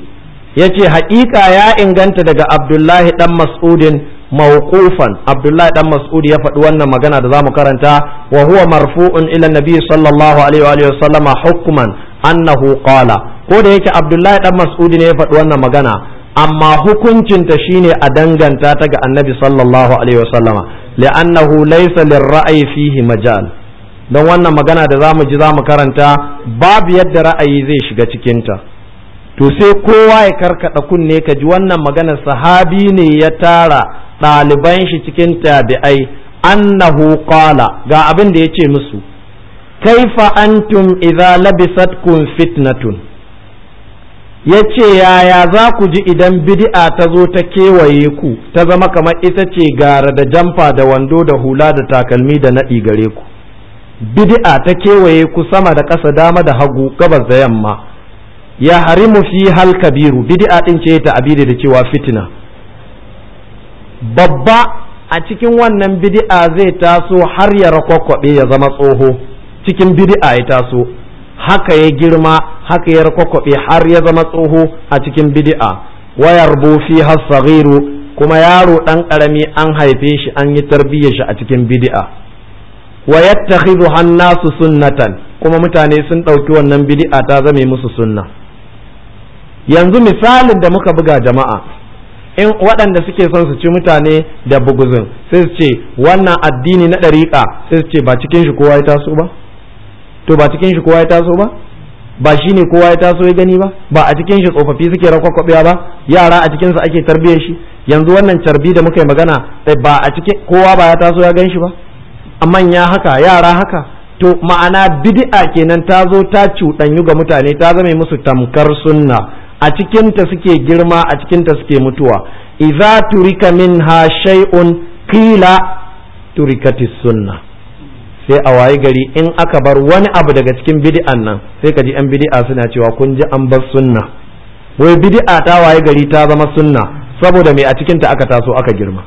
yace haƙiƙa ya inganta daga abdullahi dan mas'udin mawqufan abdullahi dan mas'ud ya faɗi wannan magana da zamu karanta wa huwa marfu'un ila nabi sallallahu alaihi wa sallama hukman annahu qala ko da yake abdullahi dan mas'ud ne ya faɗi wannan magana amma hukuncinta shine a danganta ta ga annabi sallallahu alaihi wa sallama li'annahu laysa lirra'yi fihi majal don wannan magana da zamu ji zamu karanta babu yadda ra'ayi zai shiga cikinta to sai kowa ya karkada kunne kaji wannan magana sahabi ne ya tara ɗaliban shi cikin tabi'ai annahu qala ga abin da yace musu kaifa antum idza labisatkum fitnatun yace yaya za ku ji idan bid'a ta zo ta kewaye ku ta zama kamar ita ce gara da jamfa da wando da hula da takalmi da naɗi gare ku bid'a ta kewaye ku sama da ƙasa dama da hagu gabas da yamma ya harimu fi hal kabiru bid'a din ce ta abidi da cewa fitna. babba a cikin wannan bid'a zai taso har ya rakwakwabe ya zama tsoho cikin bid'a ya taso haka ya girma haka ya rakwakwabe har ya zama tsoho a cikin bid'a wayar bufi har kuma yaro ɗan karami an haife shi an yi tarbiyyar shi a cikin bid'a wa yattakhidhu hannasu sunnatan kuma mutane sun ɗauki wannan bid'a ta zame musu sunna yanzu misalin da muka buga jama'a in waɗanda suke son su ci mutane da buguzin sai su ce wannan addini na ɗariƙa sai su ce ba cikin shi kowa ya taso ba to ba cikin shi kowa ya taso ba ba shi ne kowa ya taso ya gani ba ba a cikin shi tsofaffi suke rakwakwabewa ba yara a cikin su ake tarbiyyar shi yanzu wannan carbi da muka yi magana eh, ba a cikin kowa ba ya taso ya gan shi ba manya haka yara haka to ma'ana bid'a kenan ta zo ta cuɗanyu ga mutane ta zame musu tamkar sunna a cikinta suke girma a cikinta suke mutuwa idza turika minha shay'un qila turikati sunna sai a waye gari in aka bar wani abu daga cikin bid'an nan sai ka ji yan bid'a suna cewa kun ji an bar sunna wai bid'a ta waye gari ta zama sunna saboda me a cikinta aka taso aka girma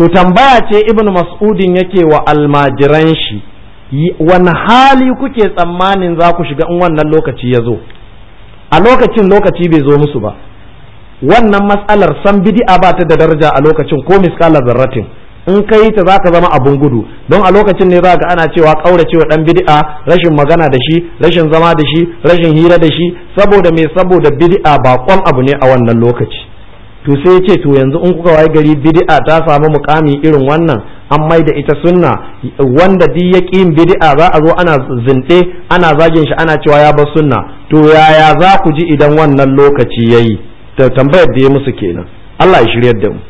to tambaya ce ibn mas'udin yake wa almajiran shi wani hali kuke tsammanin za ku shiga in wannan lokaci ya zo a lokacin lokaci bai zo musu ba wannan matsalar san bidi'a ba ta da daraja a lokacin ko miskala zarratin in ka yi ta zaka zama abun gudu don a lokacin ne zaka ana cewa wa dan bid'a rashin magana da shi rashin zama da shi rashin hira da shi saboda me saboda bid'a ba kwan abu ne a wannan lokaci to sai ya ce to yanzu in kuka waye gari bid'a ta samu mukami irin wannan an mai da ita sunna wanda duk ya bid'a za a zo ana zinɗe ana zagin shi ana cewa ya bar sunna to yaya za ku ji idan wannan lokaci yayi tambayar da ya musu kenan Allah ya shiryar da mu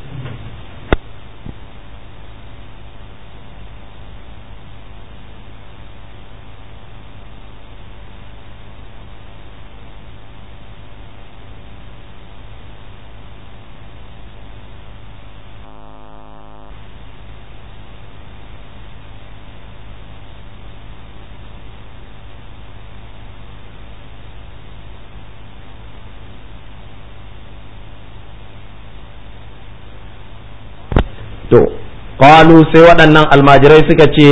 qalu sai waɗannan almajirai suka ce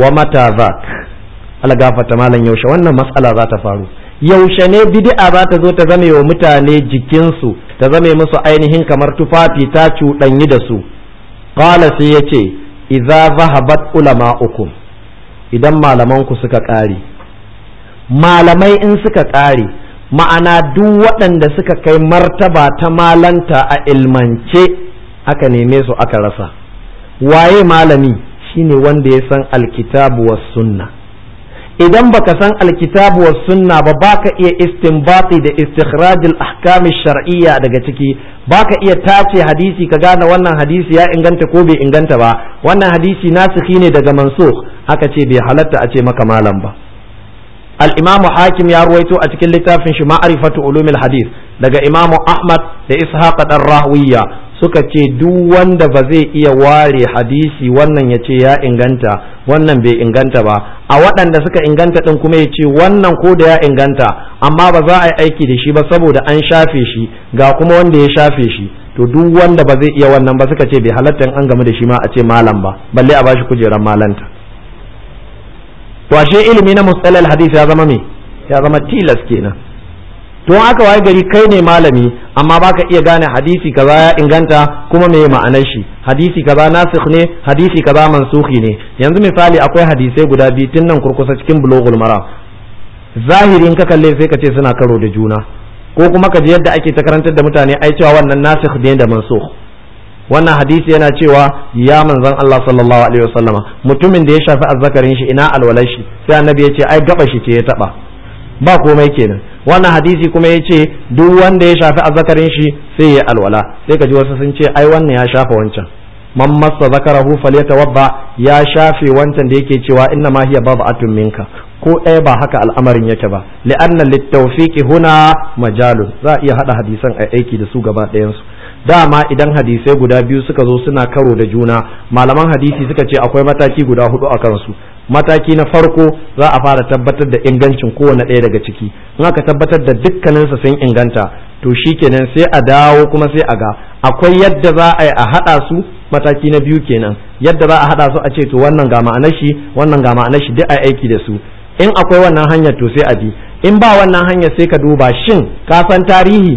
wa mata zak algafata malam yaushe wannan matsala za ta faru yaushe ne bid'a za ta zo ta zame wa mutane jikinsu ta zame musu ainihin kamar tufafi ta cuɗanyi da su qala sai yace idza zahabat ukum idan malamanku suka ƙare malamai in suka ƙare ma'ana duk waɗanda suka kai martaba ta malanta a ilmance aka neme su aka rasa waye malami shine wanda ya san alkitabu was sunna idan baka san alkitabu was sunna ba baka iya istinbati da istikrajin ahkam shar'iyya daga ciki baka iya tace hadisi ka gane wannan hadisi ya inganta ko bai inganta ba wannan hadisi nasikhi ne daga mansukh aka ce bai halatta a ce maka malam ba al-imamu hakim ya ruwaito a cikin littafin shi ma'rifatu ulumil hadith daga imamu ahmad da ishaq dan rahwiya suka ce duk wanda ba zai iya ware hadisi wannan ya ce ya inganta wannan bai inganta ba a waɗanda suka inganta ɗin kuma ya ce wannan ko da ya inganta amma ba za a yi aiki da shi ba saboda an shafe shi ga kuma wanda ya shafe shi to duk wanda ba zai iya wannan ba suka ce bai halatta an game da shi ma a ce malam ba balle a bashi kujeran malanta to ashe ilimi na mustalal hadisi ya zama me ya zama tilas kenan to aka waye gari kai ne malami amma baka iya gane hadisi kaza ya inganta kuma me ma'anar shi hadisi kaza nasikh ne hadisi kaza mansukhi ne yanzu misali akwai hadisai guda biyu tun nan kurkusa cikin bulughul mara zahirin ka kalle sai ka ce suna karo da juna ko kuma ka ji yadda ake ta karantar da mutane ai cewa wannan nasikh ne da mansukh wannan hadisi yana cewa ya manzon Allah sallallahu alaihi wasallama mutumin da ya shafi azzakarin shi ina alwalashi sai annabi ya ce ai gaba shi ce ya taba ba komai kenan wannan hadisi kuma ya ce duk wanda ya shafi azzakarin shi sai ya alwala sai ka ji wasu sun ce ai wannan ya shafa wancan man massa zakarahu falyatawabba ya shafe wancan da yake cewa inna ma hiya babu atun minka ko ɗaya ba haka al'amarin yake ba li'anna litawfiqi huna majalun za a iya hada hadisan a aiki da su gaba ɗayan su dama idan hadisai guda biyu suka zo suna karo da juna malaman hadisi suka ce akwai mataki guda hudu a kansu mataki na farko za a fara tabbatar da ingancin kowane ɗaya daga ciki in aka tabbatar da dukkaninsa sun inganta to shi kenan sai a dawo kuma sai a ga akwai yadda za a yi a haɗa su mataki na biyu kenan yadda za a haɗa su a ce to wannan ga ma'ana shi wannan ga ma'ana shi duk a aiki da su in akwai wannan hanyar to sai a bi in ba wannan hanyar sai ka duba shin ka san tarihi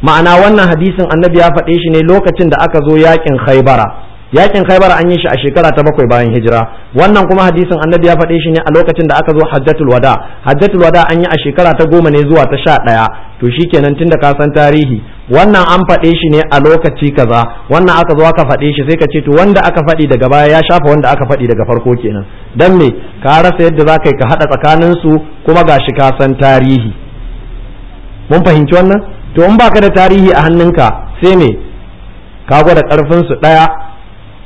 ma'ana wannan hadisin annabi ya faɗe shi ne lokacin da aka zo yakin khaibara yakin khaibar an yi shi a shekara ta bakwai bayan hijira wannan kuma hadisin annabi ya faɗe shi ne a lokacin da aka zo hajjatul wada hajjatul wada an yi a shekara ta goma ne zuwa ta sha ɗaya to shi shikenan tunda ka san tarihi wannan an faɗe shi ne a lokaci kaza wannan aka zo aka faɗe shi sai ka ce to wanda aka faɗi daga baya ya shafa wanda aka faɗi daga farko kenan dan me ka rasa yadda za ka yi ka haɗa tsakanin su kuma gashi ka san tarihi mun fahimci wannan to in baka da tarihi a hannunka sai me ka gwada karfin su ɗaya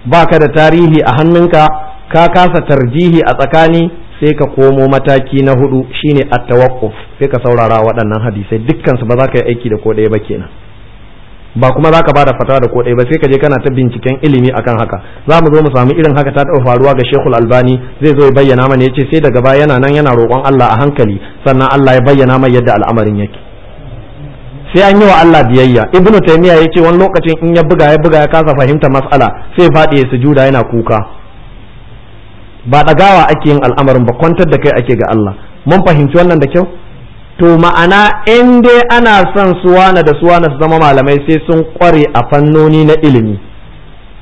baka da tarihi a hannunka ka kasa tarjihi a tsakani sai ka komo mataki na hudu shine at tawakkuf sai ka saurara waɗannan hadisai dukkan su ba za ka yi aiki da ko ɗaya ba kenan ba kuma za ka bada fata da ɗaya ba sai ka je kana ta binciken ilimi akan haka za mu zo mu samu irin haka ta taɓa faruwa ga shekul albani zai zo ya bayyana mana ya ce sai daga baya yana nan yana roƙon allah a hankali sannan allah ya bayyana mai yadda al'amarin yake sai an yi wa Allah biyayya ibnu taymiya yace wani lokacin in ya buga ya buga ya kasa fahimta mas'ala sai faɗi ya sujuda yana kuka ba ɗagawa ake yin al'amarin ba kwantar da kai ake ga Allah mun fahimci wannan da kyau to ma'ana in dai ana son suwana da suwana su zama malamai sai sun kware a fannoni na ilimi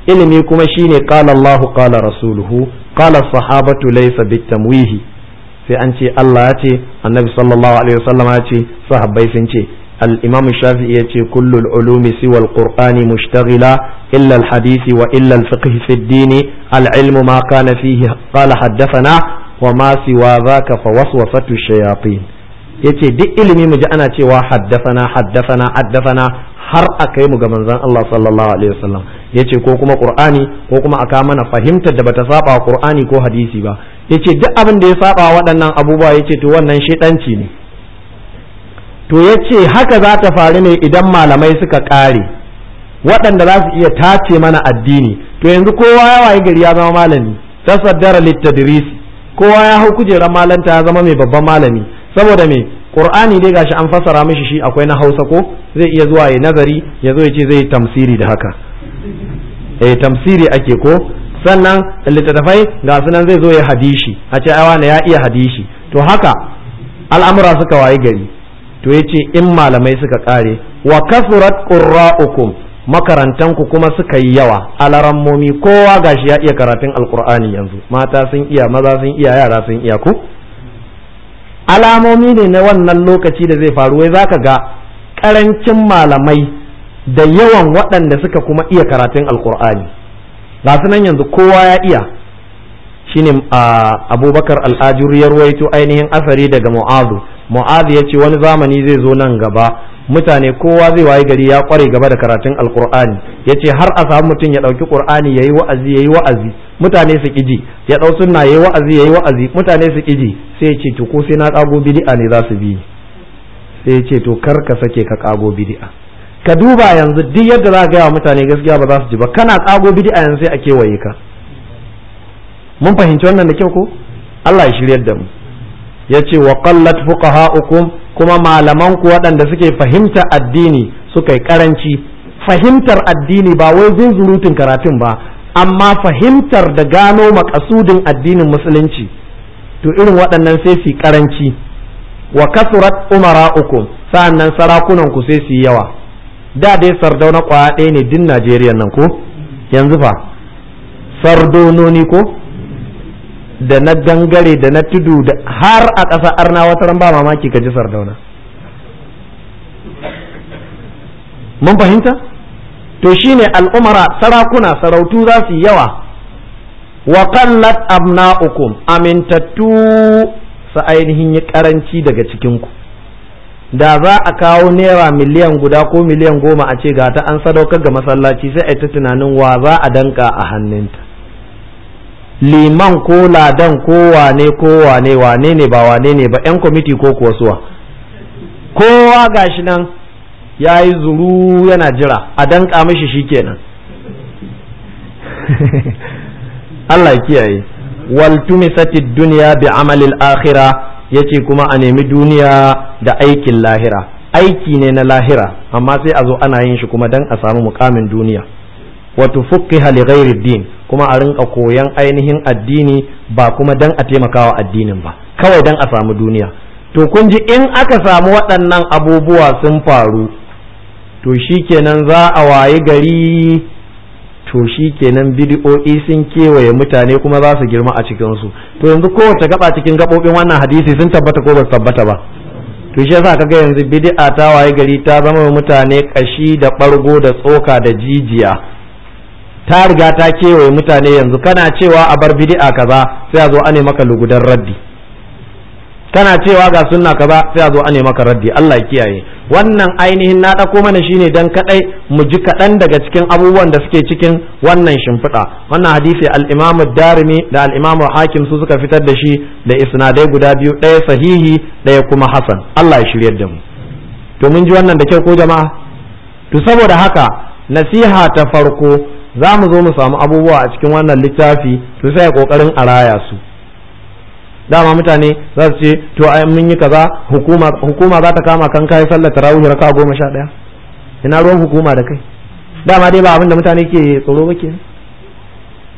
ilimi kuma shine qala Allahu qala rasuluhu qala sahabatu laysa bitamwihi sai an ce Allah ya ce annabi sallallahu alaihi wasallam ya ce sahabbai sun ce الإمام الشافعي يتي كل العلوم سوى القرآن مشتغلة إلا الحديث وإلا الفقه في الدين العلم ما كان فيه قال حدثنا وما سوى ذاك فوسوسة الشياطين yace duk ilimi mu ji ana cewa haddafana haddafana haddafana har a kai mu ga manzon Allah sallallahu alaihi wasallam yace ko kuma qur'ani ko kuma aka mana fahimtar da bata saba qur'ani ko hadisi ba yace duk abin da ya saba waɗannan abubuwa yace to wannan shedanci ne to ya ce haka za ta faru ne idan malamai suka ƙare waɗanda za su iya tace mana addini to yanzu kowa ya wayi gari ya zama malami tasaddara littadrisi kowa ya hau kujerar malanta ya zama mai babban malami saboda me qur'ani dai gashi an fassara mishi shi akwai na hausa ko zai iya zuwa ya nazari ya zo ya ce zai tamsiri da haka eh tamsiri ake ko sannan littattafai ga sunan zai zo ya hadishi a ce ai wani ya iya hadishi to haka al'amura suka wayi gari to yace in malamai suka kare wa kasurat qurra'ukum makarantan ku kuma suka yi yawa alarammomi kowa gashi ya iya karatun alqur'ani yanzu mata sun iya maza sun iya yara sun iya ku alamomi ne na wannan lokaci da zai faru wai zaka ga karancin malamai da yawan waɗanda suka kuma iya karatun alqur'ani ga nan yanzu kowa ya iya shine ah, abubakar al'ajuri ya ruwaito ainihin asari daga mu'azu mu'az ya ce wani zamani zai zo nan gaba mutane kowa zai waye gari ya kware gaba da karatun alkur'ani ya ce har a samu mutum ya ɗauki ƙur'ani ya yi wa'azi ya yi wa'azi mutane su ƙiji ya ɗau sunna ya yi wa'azi ya yi wa'azi mutane su ƙiji sai ya ce to ko sai na ƙago bidi'a ne za su bi sai ya ce to kar ka sake ka ƙago bidi'a ka duba yanzu duk yadda za ka gaya wa mutane gaskiya ba za su ji ba kana ƙago bidi'a yanzu sai a kewaye ka mun fahimci wannan da kyau ko Allah ya shiryar da mu yace wa fuƙaha uku kuma malamanku waɗanda suke fahimtar addini suka yi karanci fahimtar addini ba wai zunzurutun karatun ba amma fahimtar da gano makasudin addinin musulunci to irin waɗannan sai su ƙaranci wa kasurat uku sa'annan sarakunan ku sai su yawa da dai sardauna kwaya ɗaya ne din Najeriya nan ko yanzu fa sardononi ko da na gangare da na tudu da har a ƙasa arna wata ran ba mamaki ka ji sardauna mun fahimta to shine al'umara sarakuna sarautu za su yawa wa qallat abna'ukum amintattu sa ainihin yi karanci daga cikinku da za a kawo naira miliyan guda ko miliyan goma a ce ga ta an sadaukar ga masallaci sai a ta tunanin wa za a danka a hannunta liman ko ladan ko wane ko wane wane ne ba wane ne ba 'yan kwamiti ko kuwa suwa kowa gashi nan ya yi zuru yana jira a danka mishi shikenan Allah kiyaye wal tumisatid dunya bi amalil akhirah yace kuma a nemi duniya da aikin lahira aiki ne na lahira amma sai a zo ana yin shi kuma dan a samu mukamin duniya Wato tufaqqiha li ghairi din kuma a rinka koyan ainihin addini ba kuma dan a taimakawa addinin ba kawai dan a samu duniya to kun ji in aka samu waɗannan abubuwa sun faru to shikenan za a wayi gari to shi kenan bidi'o'i sun kewaye mutane kuma za su girma a cikinsu to yanzu kowace gaba cikin gabobin wannan hadisi sun tabbata ko ba su tabbata ba to shi yasa kaga yanzu bid'a ta waye gari ta zama mutane kashi da bargo da tsoka da jijiya ta riga ta kewaye mutane yanzu kana cewa a bar bid'a kaza sai a zo ane maka lugudan raddi kana cewa ga sunna kaza sai a zo ane maka raddi Allah ya kiyaye wannan ainihin na dauko mana shine dan kadai mu ji kaɗan daga cikin abubuwan da suke cikin wannan shimfiɗa wannan hadisi al-Imam darimi da al-Imam Hakim su suka fitar da shi da isnadai guda biyu ɗaya sahihi ɗaya kuma hasan Allah ya shiryar da mu to mun ji wannan da kyau ko jama'a to saboda haka nasiha ta farko za mu zo mu samu abubuwa a cikin wannan littafi to sai ya kokarin a raya su dama mutane za su ce to ai mun yi kaza hukuma hukuma za ta kama kan kai sallar tarawih raka goma sha ɗaya ina ruwan hukuma da kai dama dai ba abin da mutane ke tsoro ba ke.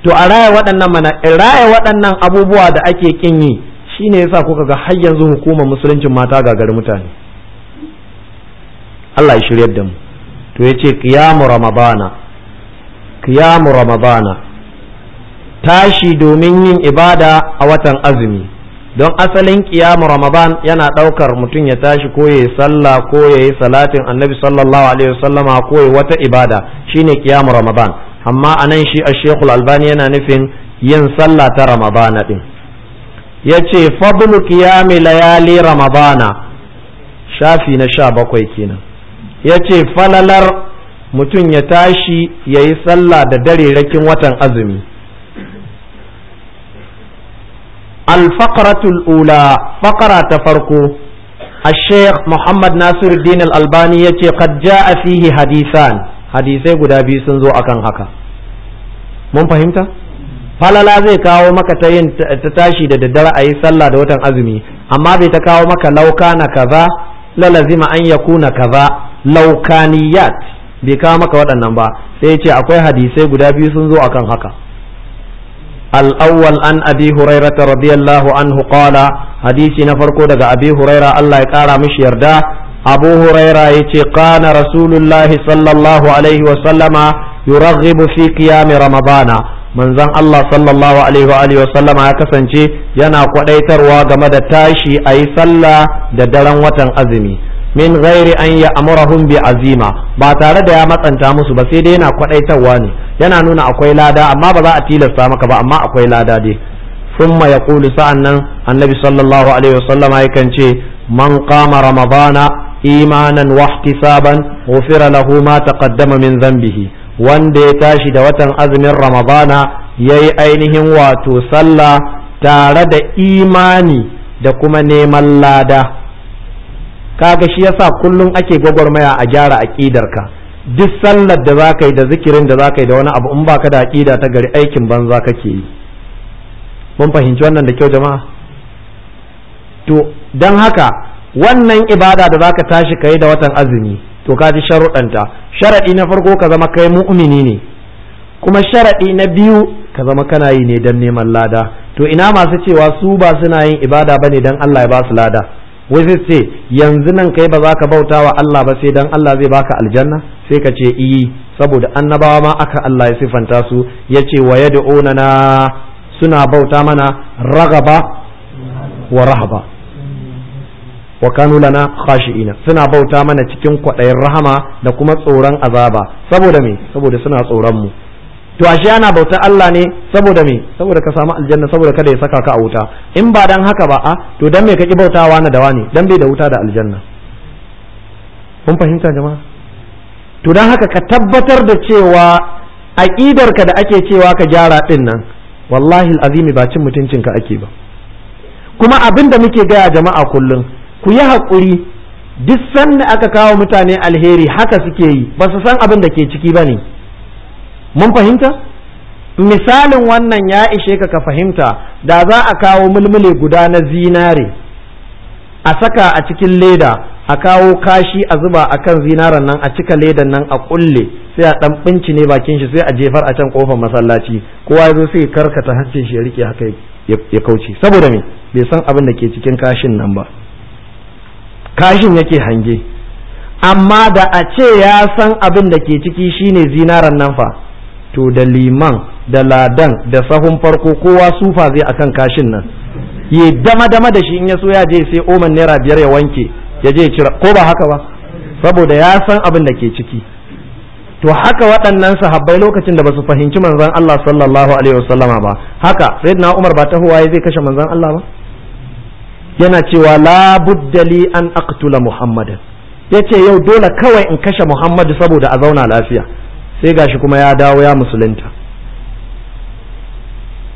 to a raya waɗannan mana raya waɗannan abubuwa da ake kin yi shine yasa kuka ga har yanzu hukumar musuluncin mata gagarin mutane Allah ya shiryar da mu to yace qiyamu ramadana kiyamu ramadana tashi domin yin ibada a watan azumi don asalin kiyamu ramadan yana ɗaukar mutum ya tashi ko ya yi sallah ko ya yi salatin annabi sallallahu alaihi wasallama ko ya wata ibada shine kiyamu ramadan amma anan shi ashekul albani yana nufin yin sallah ta ramadana din ya ce fadlu kiyami layali ramadana shafi na sha bakwai kenan ya ce falalar mutum ya tashi ya yi sallah da dare rakin watan azumi alfaqaratul ula fakara ta farko a Muhammad Nasiru, محمد Albani, ya ce ja a fihi hadisan, hadisai guda biyu sun zo akan haka. mun fahimta falala zai kawo maka ta yin ta tashi da daddare a yi sallah da watan azumi amma bai ta kawo maka lauka na kaza lalazima an an yakuna kaza laukaniyat bai kawo maka waɗannan ba sai ce akwai hadisai guda biyu sun zo akan haka al-awwal an abi hurairata radiyallahu anhu qala hadisi na farko daga abi huraira Allah ya kara mishi yarda abu ya ce kana rasulullahi sallallahu alaihi wa sallama yuraghibu fi qiyam ramadan manzon Allah sallallahu alaihi wa alihi ya kasance yana kwadaitarwa game da tashi ayi sallah da daren watan azumi min ghairi an ya'murahum bi azima ba tare da ya matsanta musu ba sai dai yana kwadaitarwa ne yana nuna akwai lada amma ba za a tilasta maka ba amma akwai lada dai thumma yaqulu sa'annan annabi sallallahu alaihi wasallama yakan ce man qama ramadana imanan wa ihtisaban ghufira lahu ma taqaddama min dhanbihi wanda ya tashi da watan azumin ramadana yayi ainihin wato sallah tare da imani da kuma neman lada kaga shi yasa kullum ake gwagwarmaya a gyara aqidar ka duk sallar da zaka yi da zikirin da zaka yi da wani abu in baka da aqida ta gari aikin banza kake yi mun fahimci wannan da kyau jama'a to dan haka wannan ibada da zaka tashi kai da watan azumi to ka ji sharuɗanta sharaɗi na farko ka zama kai mu'mini ne kuma sharaɗi na biyu ka zama kana yi ne dan neman lada to ina masu cewa su ba suna yin ibada bane dan Allah ya ba su lada wasu ce yanzu nan kai ba za ka bauta wa Allah ba sai dan Allah zai baka aljanna sai ka ce iyi saboda annabawa ma aka Allah ya sifanta su ya ce wa na suna bauta mana ragaba wa rahaba wa kanu lana khashi'ina suna bauta mana cikin kwaɗayin rahama da kuma tsoron azaba saboda me saboda suna tsoron mu to ashe ana bautar Allah ne saboda me saboda ka samu aljanna saboda kada ya saka ka a wuta in ba dan haka ba a ah, to dan me kake bautawa na dawa ne dan bai da wuta da aljanna mun fahimta jama'a to dan haka ka tabbatar da cewa ka da ake cewa ka gyara din nan wallahi alazimi ba cin mutuncinka ake ba kuma abin da muke gaya jama'a kullum ku yi haƙuri duk sanda aka kawo mutane alheri haka suke yi ba su san abin da ke ciki ba ne mun fahimta misalin wannan ya ishe ka fahimta da za a kawo mulmule guda na zinare a saka a cikin leda a kawo kashi a zuba a kan zinaren nan a cika ledan nan a kulle sai a dan binci ne bakin shi sai a jefar a can kofar masallaci kowa ya zo sai karkata hancin shi ya rike haka ya kauce saboda me bai san abin da ke cikin kashin nan ba kashin yake hange amma da a ce ya san abin da ke ciki shine zinaren nan fa to da liman da ladan da sahun farko kowa sufa zai akan kashin nan ya dama dama da shi in ya so ya je sai oman naira biyar ya wanke ya je cira ko ba haka ba saboda ya san abin da ke ciki to haka waɗannan sahabbai lokacin da ba su fahimci manzon Allah sallallahu alaihi wasallama ba haka sayyidina Umar ba ta huwaye zai kashe manzon Allah ba yana cewa la buddali an aqtula muhammadan yace yau dole kawai in kashe muhammadu saboda a zauna lafiya sai gashi kuma ya dawo ya musulunta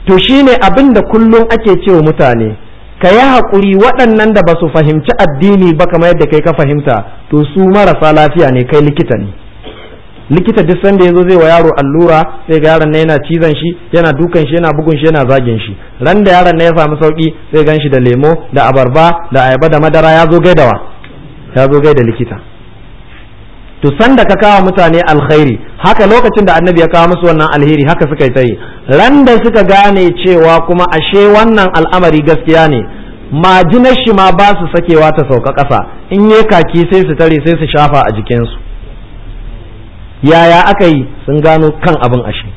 to shine abin da kullum ake cewa mutane ka yi haƙuri waɗannan da ba su fahimci addini ba kamar yadda kai ka fahimta to su marasa lafiya ne kai likita ne likita duk sanda ya zo zai wa yaro allura sai ga yaron na yana cizon shi yana dukan shi yana bugun shi yana zagin shi ran da yaron na ya samu sauki sai gan shi da lemo da abarba da ayaba da madara ya zo gaidawa ya zo gaida likita to sanda ka kawo mutane alkhairi haka lokacin da annabi ya kawo musu wannan alheri haka suka yi ta yi ran da suka gane cewa kuma ashe wannan al'amari gaskiya ne majinar shi ma ba su sakewa ta sauka ƙasa in yi kaki sai su tare sai su shafa a jikinsu yaya aka yi sun gano kan abin ashe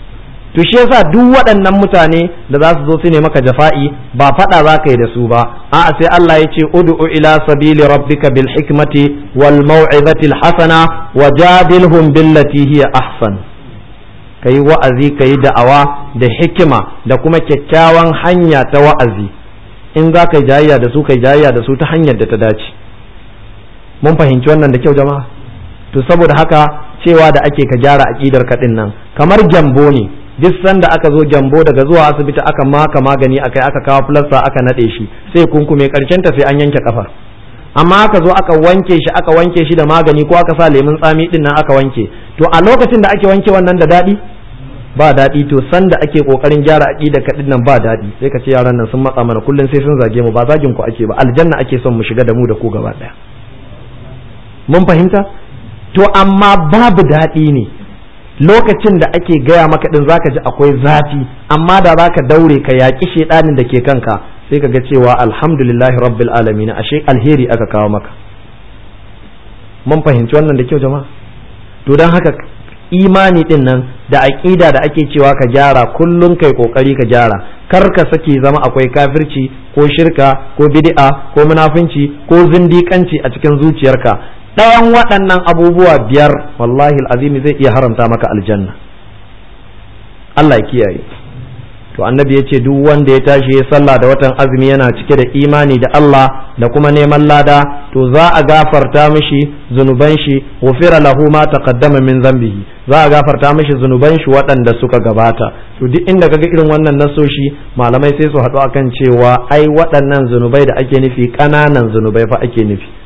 to shi yasa duk waɗannan mutane da za su zo su ne maka jafa'i ba faɗa za ka yi da su ba a'a sai Allah ya ce ud'u ila sabili rabbika bil hikmati wal maw'izati al hasana wajadilhum billati hiya ahsan kai wa'azi kai da'awa da hikima da kuma kyakkyawan hanya ta wa'azi in za ka yi da su kai jayayya da su ta hanyar da ta dace mun fahimci wannan da kyau jama'a to saboda haka cewa da ake ka gyara aqidar ka din nan kamar gyambo ne duk sanda aka zo jambo daga zuwa asibiti aka maka magani akai aka kawo filasta aka nade shi sai kunkume karshen ta sai an yanke kafa amma aka zo aka wanke shi aka wanke shi da magani ko aka sa lemun tsami din nan aka wanke to a lokacin da ake wanke wannan da dadi ba daɗi to sanda ake kokarin gyara aqida kadin nan ba daɗi sai ka ce yaran nan sun matsa mana kullun sai sun zage mu ba zagin ku ake ba aljanna ake son mu shiga da mu da ku gaba daya mun fahimta to amma babu daɗi ne lokacin da ake gaya maka din zaka ji akwai zafi amma da zaka daure ka yaki shedanin da ke kanka sai ka ga cewa alhamdulillahi rabbil alamin ashe alheri aka kawo maka mun fahimci wannan da kyau jama'a to dan haka imani din nan da aqida da ake cewa ka gyara kullum kai kokari ka gyara kar ka sake zama akwai kafirci ko shirka ko bid'a ko munafinci ko zindikanci a cikin zuciyarka ɗayan waɗannan abubuwa biyar wallahi azimi zai iya haramta maka aljanna Allah ya kiyaye to annabi ya ce duk wanda ya tashi ya sallah da watan azumi yana cike da imani da Allah da kuma neman lada to za a gafarta mishi zunuban shi wufira lahu ma taqaddama min zambihi za a gafarta mishi zunuban shi waɗanda suka gabata to duk inda kaga irin wannan nasoshi malamai sai su haɗu akan cewa ai waɗannan zunubai da ake nufi ƙananan zunubai fa ake nufi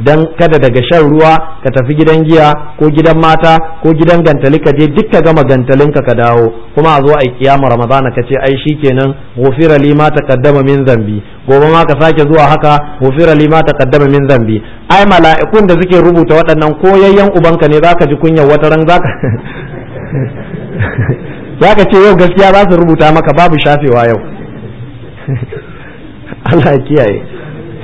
dan kada daga shan ruwa ka tafi gidan giya ko gidan mata ko gidan gantali ka je duk ka gama gantalin ka ka dawo kuma a zo a kiyama ramadana ka ce ai shikenan ghufira lima ta kaddama min zambi gobe ma ka sake zuwa haka gofira lima ta kaddama min zambi ai mala'ikun da suke rubuta waɗannan koyayyen ubanka ne zaka ji kunyar wata ran zaka zaka ce yau gaskiya za su rubuta maka babu shafewa yau Allah ya kiyaye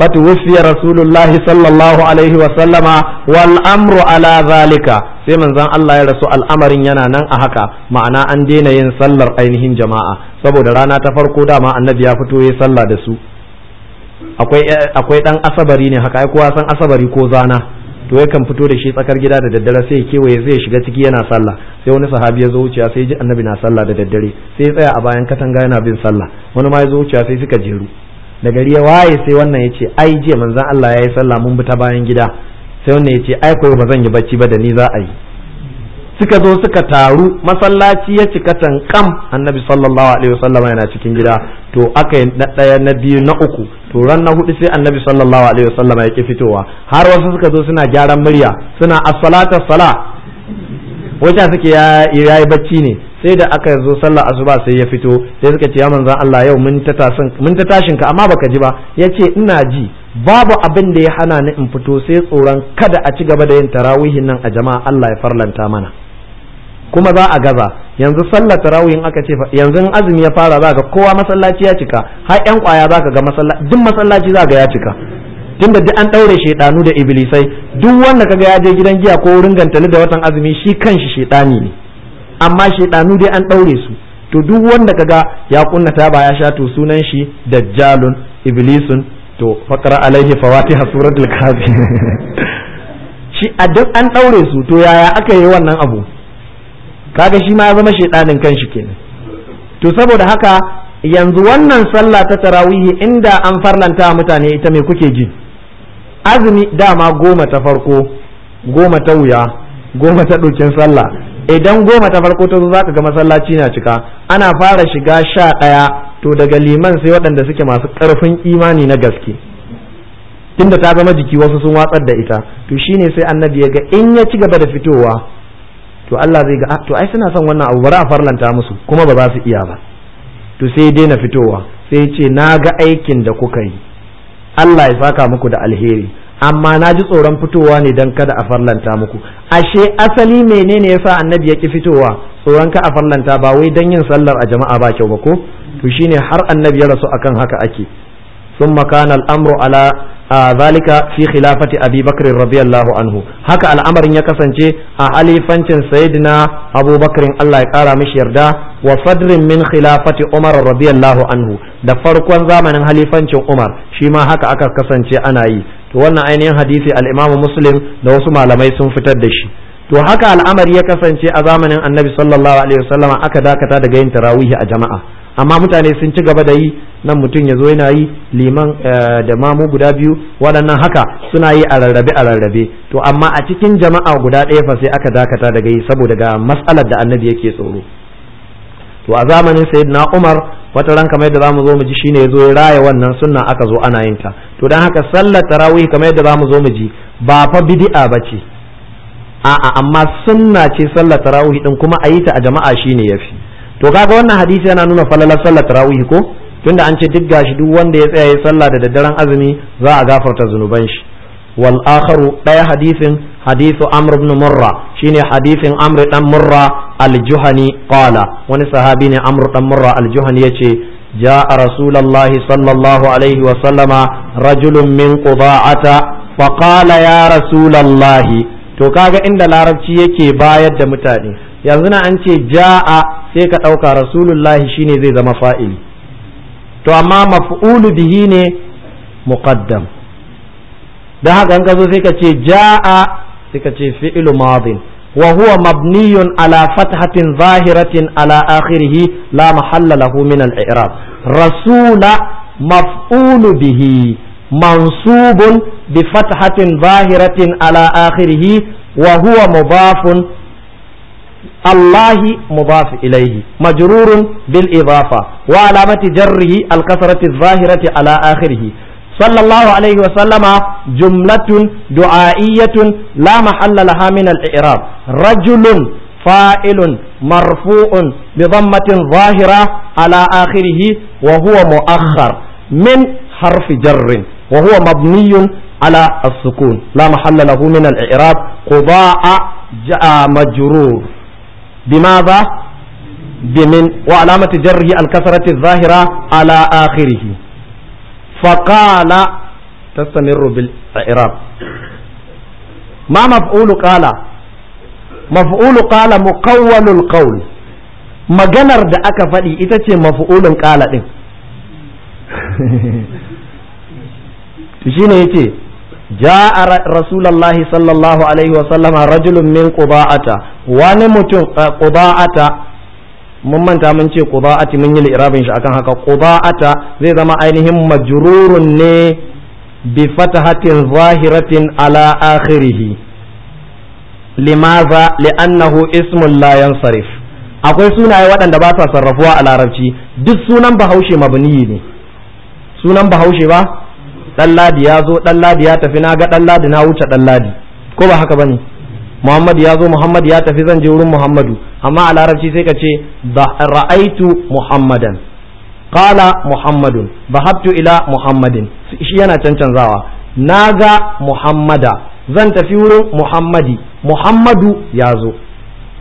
فتوفي رسول الله صلى الله عليه وسلم والأمر على ذلك sai manzon Allah ya rasu al'amarin yana nan a haka ma'ana an daina yin sallar ainihin jama'a saboda rana ta farko dama annabi ya fito yayin sallah da su akwai akwai dan asabari ne haka ai kowa san asabari ko zana to ya kan fito da shi tsakar gida da daddare sai ya kewaye zai shiga ciki yana sallah sai wani sahabi ya zo wuciya sai ji annabi na sallah da daddare sai ya tsaya a bayan katanga yana bin sallah wani ma ya zo wuciya sai suka jeru da gari ya waye sai wannan ya ce ai jiya manzan Allah ya yi sallah mun bi ta bayan gida sai wannan ya ce ai koyo ba zan yi bacci ba da ni za a yi suka zo suka taru masallaci ya cika tankam annabi sallallahu alaihi wasallam yana cikin gida to aka yi na ɗaya na biyu na uku to ran na hudu sai annabi sallallahu alaihi wasallam ya ki fitowa har wasu suka zo suna gyaran murya suna as-salata sala wajen suke ya yi bacci ne sai da aka zo sallah asuba sai ya fito sai suka ce ya manzan Allah yau mun ta tashin ka amma baka ji ba yace ina ji babu abin da ya hana ni in fito sai tsoron kada a ci gaba da yin tarawihin nan a jama'a Allah ya farlanta mana kuma za a gaza yanzu sallah tarawihin aka ce yanzu azumi ya fara za ga kowa masallaci ya cika har yan kwaya za ka ga masallaci duk masallaci za ga ya cika tunda duk an ɗaure shaiɗanu da iblisai duk wanda kaga ya je gidan giya ko wurin gantali da watan azumi shi kanshi shaiɗani ne amma shaidanu dai an ɗaure su to duk wanda kaga ya kunna taba ya sha to sunan shi dajjalun iblisun to faqra alaihi fawatiha suratul kafi shi a duk an ɗaure su to yaya aka yi wannan abu kaga shi ma ya zama shaidanin kanshi kenan to saboda haka yanzu wannan sallah ta tarawihi inda an farlanta mutane ita me kuke ji azumi dama goma ta farko goma ta wuya goma ta ɗokin sallah idan goma ta farko ta zo za ka ga masallaci na cika ana fara shiga sha ɗaya to daga liman sai waɗanda suke masu ƙarfin imani na gaske tunda ta zama jiki wasu sun watsar da ita to shine sai annabi ya ga in ya ci gaba da fitowa to Allah zai ga ah, to ai suna son wannan abu bari a farlanta musu kuma ba za su iya ba to sai na fitowa sai ce na ga aikin da kuka yi Allah ya saka muku da alheri amma na ji tsoron fitowa ne dan kada a farlanta muku ashe asali menene yasa annabi ya ki fitowa tsoron ka a farlanta ba wai dan yin sallar a jama'a ba kyau ba ko to shine har annabi ya rasu akan haka ake sun kana al'amru ala a zalika fi khilafati abi bakr radiyallahu anhu haka al'amarin ya kasance a halifancin sayyidina abu bakr Allah ya kara mishi yarda wa fadrin min khilafati umar radiyallahu anhu da farkon zamanin halifancin umar shima haka aka kasance ana yi to wannan ainihin hadisi al-Imam Muslim da wasu malamai sun fitar da shi to haka al'amari ya kasance a zamanin Annabi sallallahu alaihi wasallam aka dakata daga yin tarawihi a jama'a amma mutane sun ci gaba da yi nan mutum ya zo yana yi liman eh, da mamu guda biyu waɗannan haka suna yi a rarrabe a rarrabe to amma a cikin jama'a guda ɗaya fa sai aka dakata daga yi saboda ga mas'alar da annabi yake tsoro to a zamanin sayyidina umar wata ran kamar yadda zamu zo mu ji shine yazo ya raya wannan sunna aka zo ana yin ta to dan haka sallar tarawih kamar yadda zamu zo mu ji ba fa bid'a bace a'a amma sunna ce sallar tarawih din kuma a yi ta a jama'a shine yafi to kaga wannan hadisi yana nuna falalar sallar tarawih ko tunda an ce duk gashi duk wanda ya tsaya ya sallah da daddaren azumi za a gafarta zunuban shi wal akharu daya hadisin hadithu amr ibn murra shine hadithin amr dan murra al-juhani qala wani sahabi ne amr dan murra al-juhani yace ja'a rasulullahi sallallahu alaihi wa sallama rajulun min من fa qala ya rasulullahi to kaga inda larabci yake bayar da mutane yanzu na an ce ja'a sai ka ɗauka rasulullahi shine zai zama fa'ili to amma maf'ulu bihi ne muqaddam don haka in ka zo sai ka ce ja'a suka ce fi'lu madin wa huwa mabniyun ala fathatin zahiratin ala akhirihi la mahalla lahu min al-i'rab rasula maf'ulu bihi mansubun bi fathatin zahiratin ala akhirih wa huwa mudafun majrurun bil إليه wa alamati jarrihi جره الكسرة zahirati ala akhirihi. sallallahu alaihi wa sallama jumlatun du'a'iyyatun la mahalla laha min al-i'rab rajulun fa'ilun marfu'un bi zahira ala akhirih wa min harfi jarr wa huwa mabniyun ala as-sukun la mahalla lahu min al-i'rab qudaa ja'a بمن وعلامة جره الكسرة الظاهرة على آخره فقال تستمر بالإعراب ما ma maf'ulu مفعول قال مقول القول maganar da aka faɗi ita ce maf'ulun ƙala din to yace جاء رسول الله صلى الله عليه وسلم رجل من قضاءة ونمت قضاءة mun manta mun ce quda'ati mun yi li'irabin shi akan haka quda'ata zai zama ainihin majrurun ne bi fatahatin zahiratin ala akhirih limaza li'annahu ismun la yansarif akwai sunaye waɗanda ba sa sarrafuwa a larabci duk sunan bahaushe mabniyi ne sunan bahaushe ba dan ladi ya zo dan ladi ya tafi na ga dan ladi na wuce dan ladi ko ba haka bane Muhammad ya zo Muhammad ya tafi zan je wurin Muhammadu amma a larabci sai ka ce ra'aitu Muhammadan qala Muhammadun bahabtu ila Muhammadin shi yana cancanzawa naga Muhammada zan tafi wurin Muhammadi Muhammadu ya zo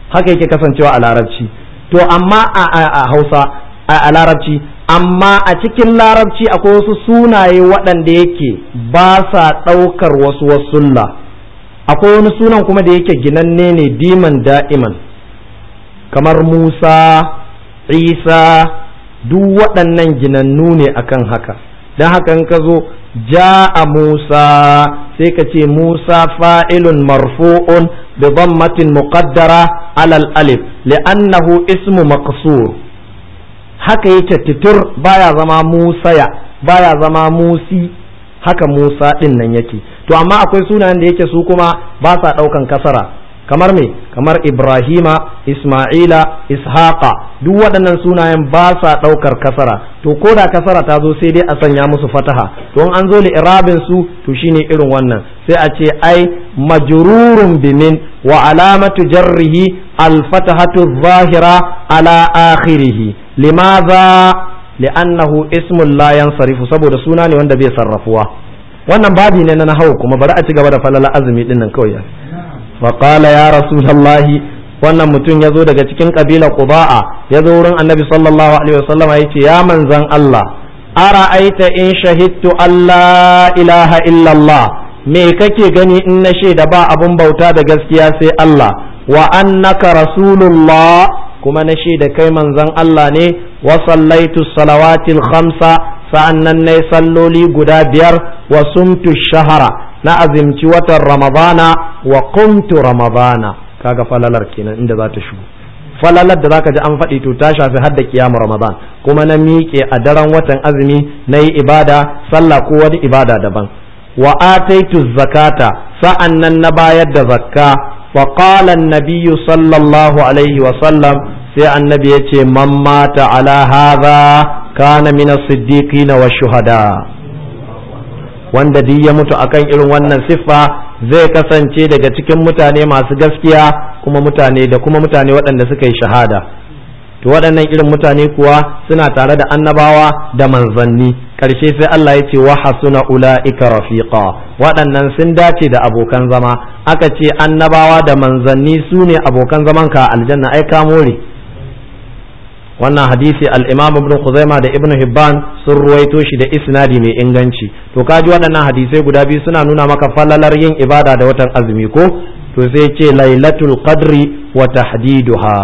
haka yake kasancewa a larabci to amma a Hausa a larabci amma a cikin larabci akwai wasu sunaye waɗanda yake ba sa ɗaukar wasu sunna akwai wani sunan kuma da yake ginanne ne diman da'iman kamar musa isa duk waɗannan ginannu ne akan haka don haka in ka zo ja'a musa sai ka ce musa fa'ilun marfu'un bi dhammatin muqaddara alal alif li'annahu ismu maqsur haka yake titir baya zama musaya baya zama musi haka musa ɗin nan yake to amma akwai sunayen da yake su kuma ba sa ɗaukan kasara kamar me kamar ibrahima isma'ila ishaqa duk waɗannan sunayen ba sa ɗaukar kasara to ko da kasara ta zo sai dai a sanya musu fataha to an zo irabin su to shine irin wannan sai a ce ai majrurun bimin wa alamatu jarrihi alfatahatu zahira ala akhirih limadha li'annahu ismun la yansarifu saboda suna ne wanda bai sarrafuwa wannan babi ne na nahawu kuma bari a ci gaba da falala azumi ɗin nan kawai wa qala ya rasulullahi wannan mutum ya zo daga cikin kabila quba'a ya zo wurin annabi sallallahu alaihi wasallama yace ya manzan Allah ara'aita in shahidtu alla ilaha illallah me kake gani in na shaida ba abun bauta da gaskiya sai Allah wa annaka rasulullah kuma na shaida kai manzan Allah ne wa sallaitu salawatil khamsa Sa'annan nan salloli guda biyar wa sumtu shahara na azimci watan ramadana wa qumtu ramadana kaga falalar kenan inda za ta shigo falalar da zaka ji an faɗi to ta shafi har da kiyamu ramadan kuma na miƙe a daren watan azumi na yi ibada sallah ko wani ibada daban wa ataitu zakata sa'an nan na bayar da zakka wa qala nabiyyu sallallahu alaihi wa sallam sai annabi yace man mata ala hadha kana min Siddiqi na wa shuhada wanda duk ya mutu akan irin wannan siffa zai kasance daga cikin mutane masu gaskiya kuma mutane da kuma mutane waɗanda suka yi shahada to waɗannan irin mutane kuwa suna tare da annabawa da manzanni ƙarshe sai Allah ya ce wa hasuna ula'ika rafiqa waɗannan sun dace da abokan zama aka ce annabawa da manzanni su ne abokan zaman ka aljanna ai ka more wannan hadisi al-imam ibn da ibn hibban sun ruwaito shi da isnadi mai inganci to kaji waɗannan hadisai guda biyu suna nuna maka falalar yin ibada da watan azumi ko to sai ce lailatul qadri wa tahdiduha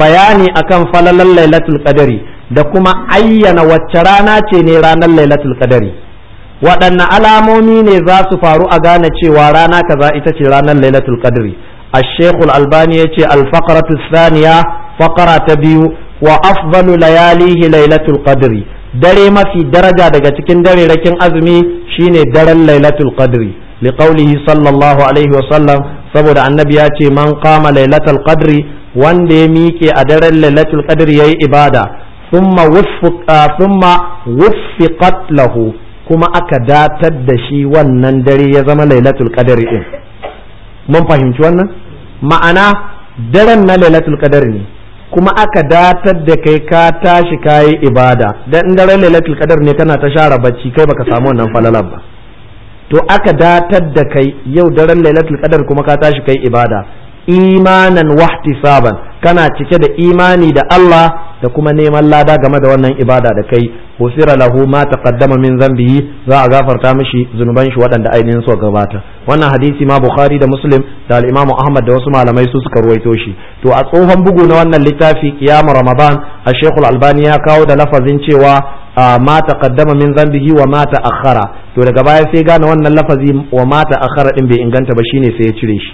bayani akan falalar lailatul qadri da kuma ayyana wacce rana ce ne ranar lailatul qadri waɗanne alamomi ne za su faru a gane cewa rana kaza ita ce ranar lailatul qadri الشيخ الألباني يتي الفقرة الثانية Fakara ta biyu wa وأفضل لياليه Lailatul القدر dare mafi daraja daga cikin dare rakin azumi shine daren lailatul qadri liqaulihi sallallahu alaihi wa sallam saboda annabi ya ce man qama lailatul qadri wanda ya miƙe a daren lailatul qadri yayi ibada thumma wuffiqa ah, thumma wuffiqat lahu kuma aka datar da shi wannan dare ya zama lailatul qadri din mun fahimci wannan ma'ana daren na lailatul qadri ne kuma aka datar da kai ka tashi kayi ibada dan in daren lailatul qadar ne kana ta share bacci kai baka samu wannan falalan ba to aka datar da kai yau daren lailatul qadar kuma ka tashi kai ibada imanan wahtisaban kana cike da imani da Allah da kuma neman lada game da wannan ibada da kai ghufira lahu ma taqaddama min dhanbihi za a gafarta mishi zunuban shi waɗanda ainihin suka gabata wannan hadisi ma bukhari da muslim da al-imamu ahmad da wasu malamai su suka ruwaito shi to a tsohon bugu na wannan littafin qiyamu ramadan a shekul albani ya kawo da lafazin cewa ma taqaddama min dhanbihi wa ma ta'akhkhara to daga baya sai gane wannan lafazin wa ma ta'akhkhara din bai inganta ba shine sai ya cire shi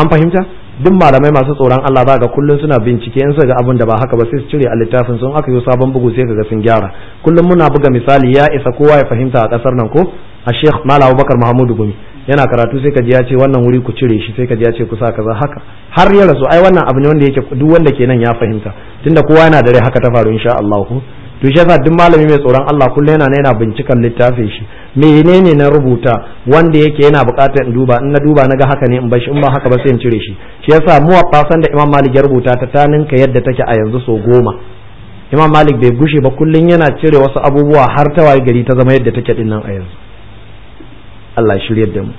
an fahimta duk malamai masu tsoron Allah ba ga kullum suna bincike in ga abin da ba haka ba sai su cire a littafin sun aka yi sabon bugu sai ga sun gyara kullum muna buga misali ya isa kowa ya fahimta a kasar nan ko a Sheikh Malam Abubakar Mahmudu Gumi yana karatu sai ka ji ya ce wannan wuri ku cire shi sai ka ji ya ce kusa kaza haka har ya rasu ai wannan abu ne wanda yake duk wanda ke nan ya fahimta tunda kowa yana da rai haka ta faru insha Allah to shi yasa duk malami mai tsoron Allah kullum yana yana bincikan littafin shi menene na rubuta wanda yake yana buƙatar in duba in na duba naga haka ne in bashi in ba haka ba sai in cire shi shi yasa muwaffa san da Imam Malik ya rubuta ta ka yadda take a yanzu so goma Imam Malik bai gushe ba kullum yana cire wasu abubuwa har ta waye gari ta zama yadda take din nan a yanzu Allah shirye da mu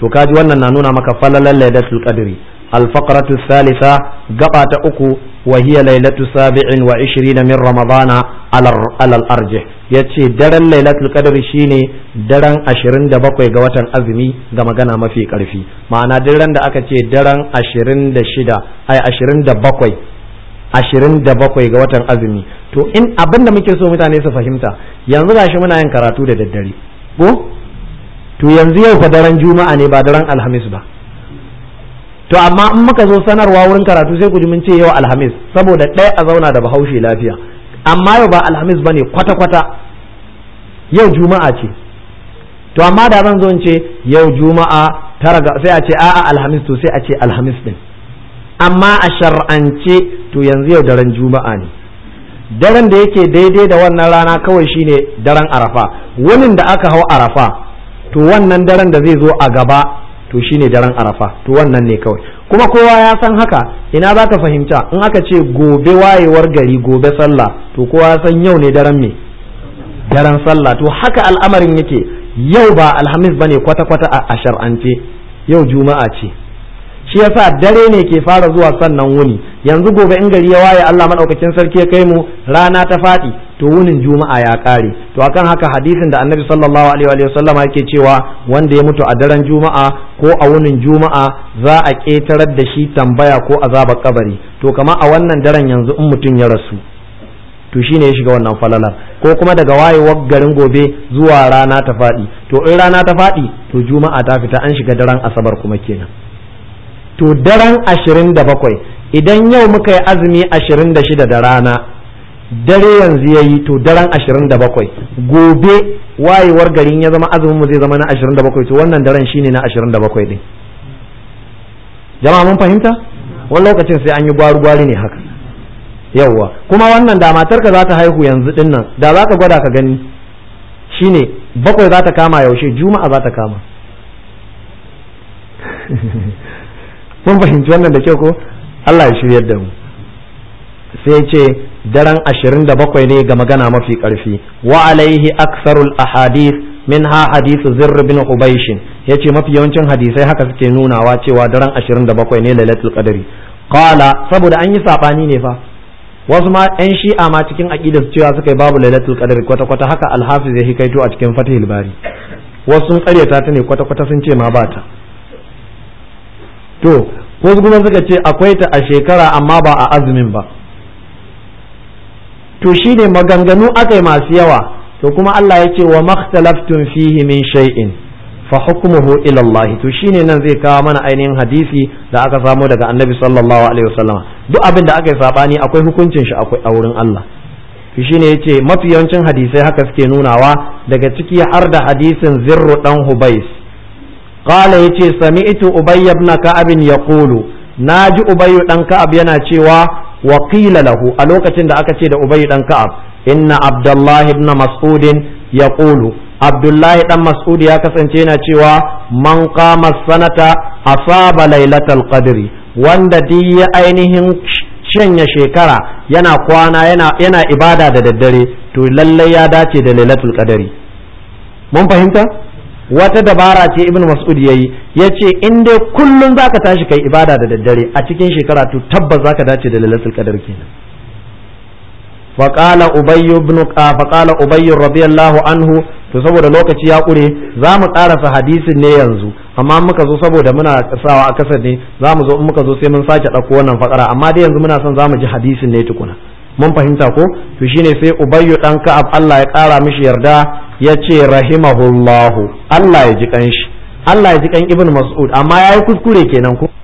to kaji wannan na nuna maka falalan da qadri الفقرة الثالثة قطعة أكو وهي ليلة سابع وعشرين من رمضان على الأرجح يتشي درن ليلة القدر شيني درن أشرين دبقوي قوة أزمي كما كان ما في كالفي معنى درن دا أكتشي درن أشرين دشدا أي أشرين دبقوي ashirin da bakwai ga watan azumi to in abin da muke so mutane su fahimta yanzu gashi muna yin karatu da daddare ko to yanzu yau fa daren juma'a ne ba daren alhamis ba to amma in muka zo sanarwa wurin karatu sai ku ji mun ce yau alhamis saboda ɗaya a zauna da bahaushe lafiya amma yau ba alhamis bane kwata-kwata yau juma'a ce to amma da zan zo in ce yau juma'a tara ga sai a ce a'a alhamis to sai a ce alhamis din amma a shar'ance to yanzu yau daren juma'a ne daren da yake daidai da wannan rana kawai shine daren arafa wunin da aka hau arafa to wannan daren da zai zo a gaba to shine daren arafa to wannan ne kawai kuma kowa ya san haka ina za ka fahimta in aka ce gobe wayewar gari gobe sallah to kowa ya san yau ne daren me daren sallah to haka al'amarin yake yau ba alhamis bane kwata-kwata a shar'ance yau juma'a ce shi yasa dare ne ke fara zuwa sannan wuni yanzu gobe in gari ya waye Allah madaukakin sarki ya kai mu rana ta faɗi to wunin juma'a ya kare to akan haka hadisin da annabi sallallahu alaihi wa sallama yake cewa wanda ya mutu a daren juma'a ko a wunin juma'a za a ketarar da shi tambaya ko azabar kabari to kama a wannan daren yanzu in mutum ya rasu to shine ya shiga wannan falalar ko kuma daga wayewar garin gobe zuwa rana ta faɗi to in rana ta faɗi to juma'a ta fita an shiga daren asabar kuma kenan to daren ashirin da bakwai idan yau muka yi azumi ashirin da shida da rana dare yanzu ya yi to daren ashirin da bakwai gobe wayewar garin ya zama azumin mu zai zama na ashirin da bakwai to wannan daren shine na ashirin da bakwai din jama'a mun fahimta wani lokacin sai an yi gwari-gwari ne haka yawwa kuma wannan da matarka za ta haihu yanzu din nan da za ka gwada ka gani shine bakwai za ta kama yaushe juma'a za ta kama mun fahimci wannan da kyau ko Allah ya shiryar da mu sai ce daren ashirin da bakwai ne ga magana mafi ƙarfi wa alaihi aksarul ahadith ha hadithu zirr bin ya ce mafi yawancin hadisai haka suke nunawa cewa daren ashirin da bakwai ne lailatul qadri qala saboda an yi sabani ne fa wasu ma yan shi'a ma cikin aqida su cewa suka yi babu lailatul qadri kwata kwata haka zai ya hikaito a cikin fatih bari wasu sun karyata ta ne kwata kwata sun ce ma ba ta to wasu kuma suka ce akwai ta a shekara amma ba a azumin ba to shine maganganu akai masu yawa to kuma Allah ya ce wa makhtalaftum fihi min shay'in fa hukmuhu ila Allah to shine nan zai kawo mana ainihin hadisi da aka samu daga Annabi sallallahu alaihi wasallama duk abin da aka yi sabani akwai hukuncin shi akwai a wurin Allah to shine yace mafi yawancin hadisai haka suke nunawa daga ciki har da hadisin Zirru dan Hubais qala yace sami'tu Ubay ibn Ka'ab yaqulu naji Ubay dan Ka'ab yana cewa wa qila lahu a lokacin da aka ce da ubay dan ka'ab inna abdullahi ibn mas'ud kulu abdullahi dan mas'ud ya kasance yana cewa man qama sanata asaba lailatul qadri wanda duk ya ainihin shanya shekara yana kwana yana yana ibada da daddare to lallai ya dace da lailatul qadri mun fahimta wata dabara ce ibn mas'ud yayi yace in dai kullun zaka tashi kai ibada da daddare a cikin shekara to tabbas zaka dace da lalatul qadar kenan fa qala ubay ibn fa qala ubay radiyallahu anhu to saboda lokaci ya kure za mu karasa hadisin ne yanzu amma muka zo saboda muna kasawa a kasar ne za mu zo in muka zo sai mun sake ɗauko wannan fakara amma dai yanzu muna son za mu ji hadisin ne tukuna mun fahimta ko to shine sai ubayyu dan ka'ab Allah ya kara mishi yarda ya ce rahimahullahu Allah ya ji kanshi Allah ya ji kan ibn mas'ud amma yayi kuskure kenan ko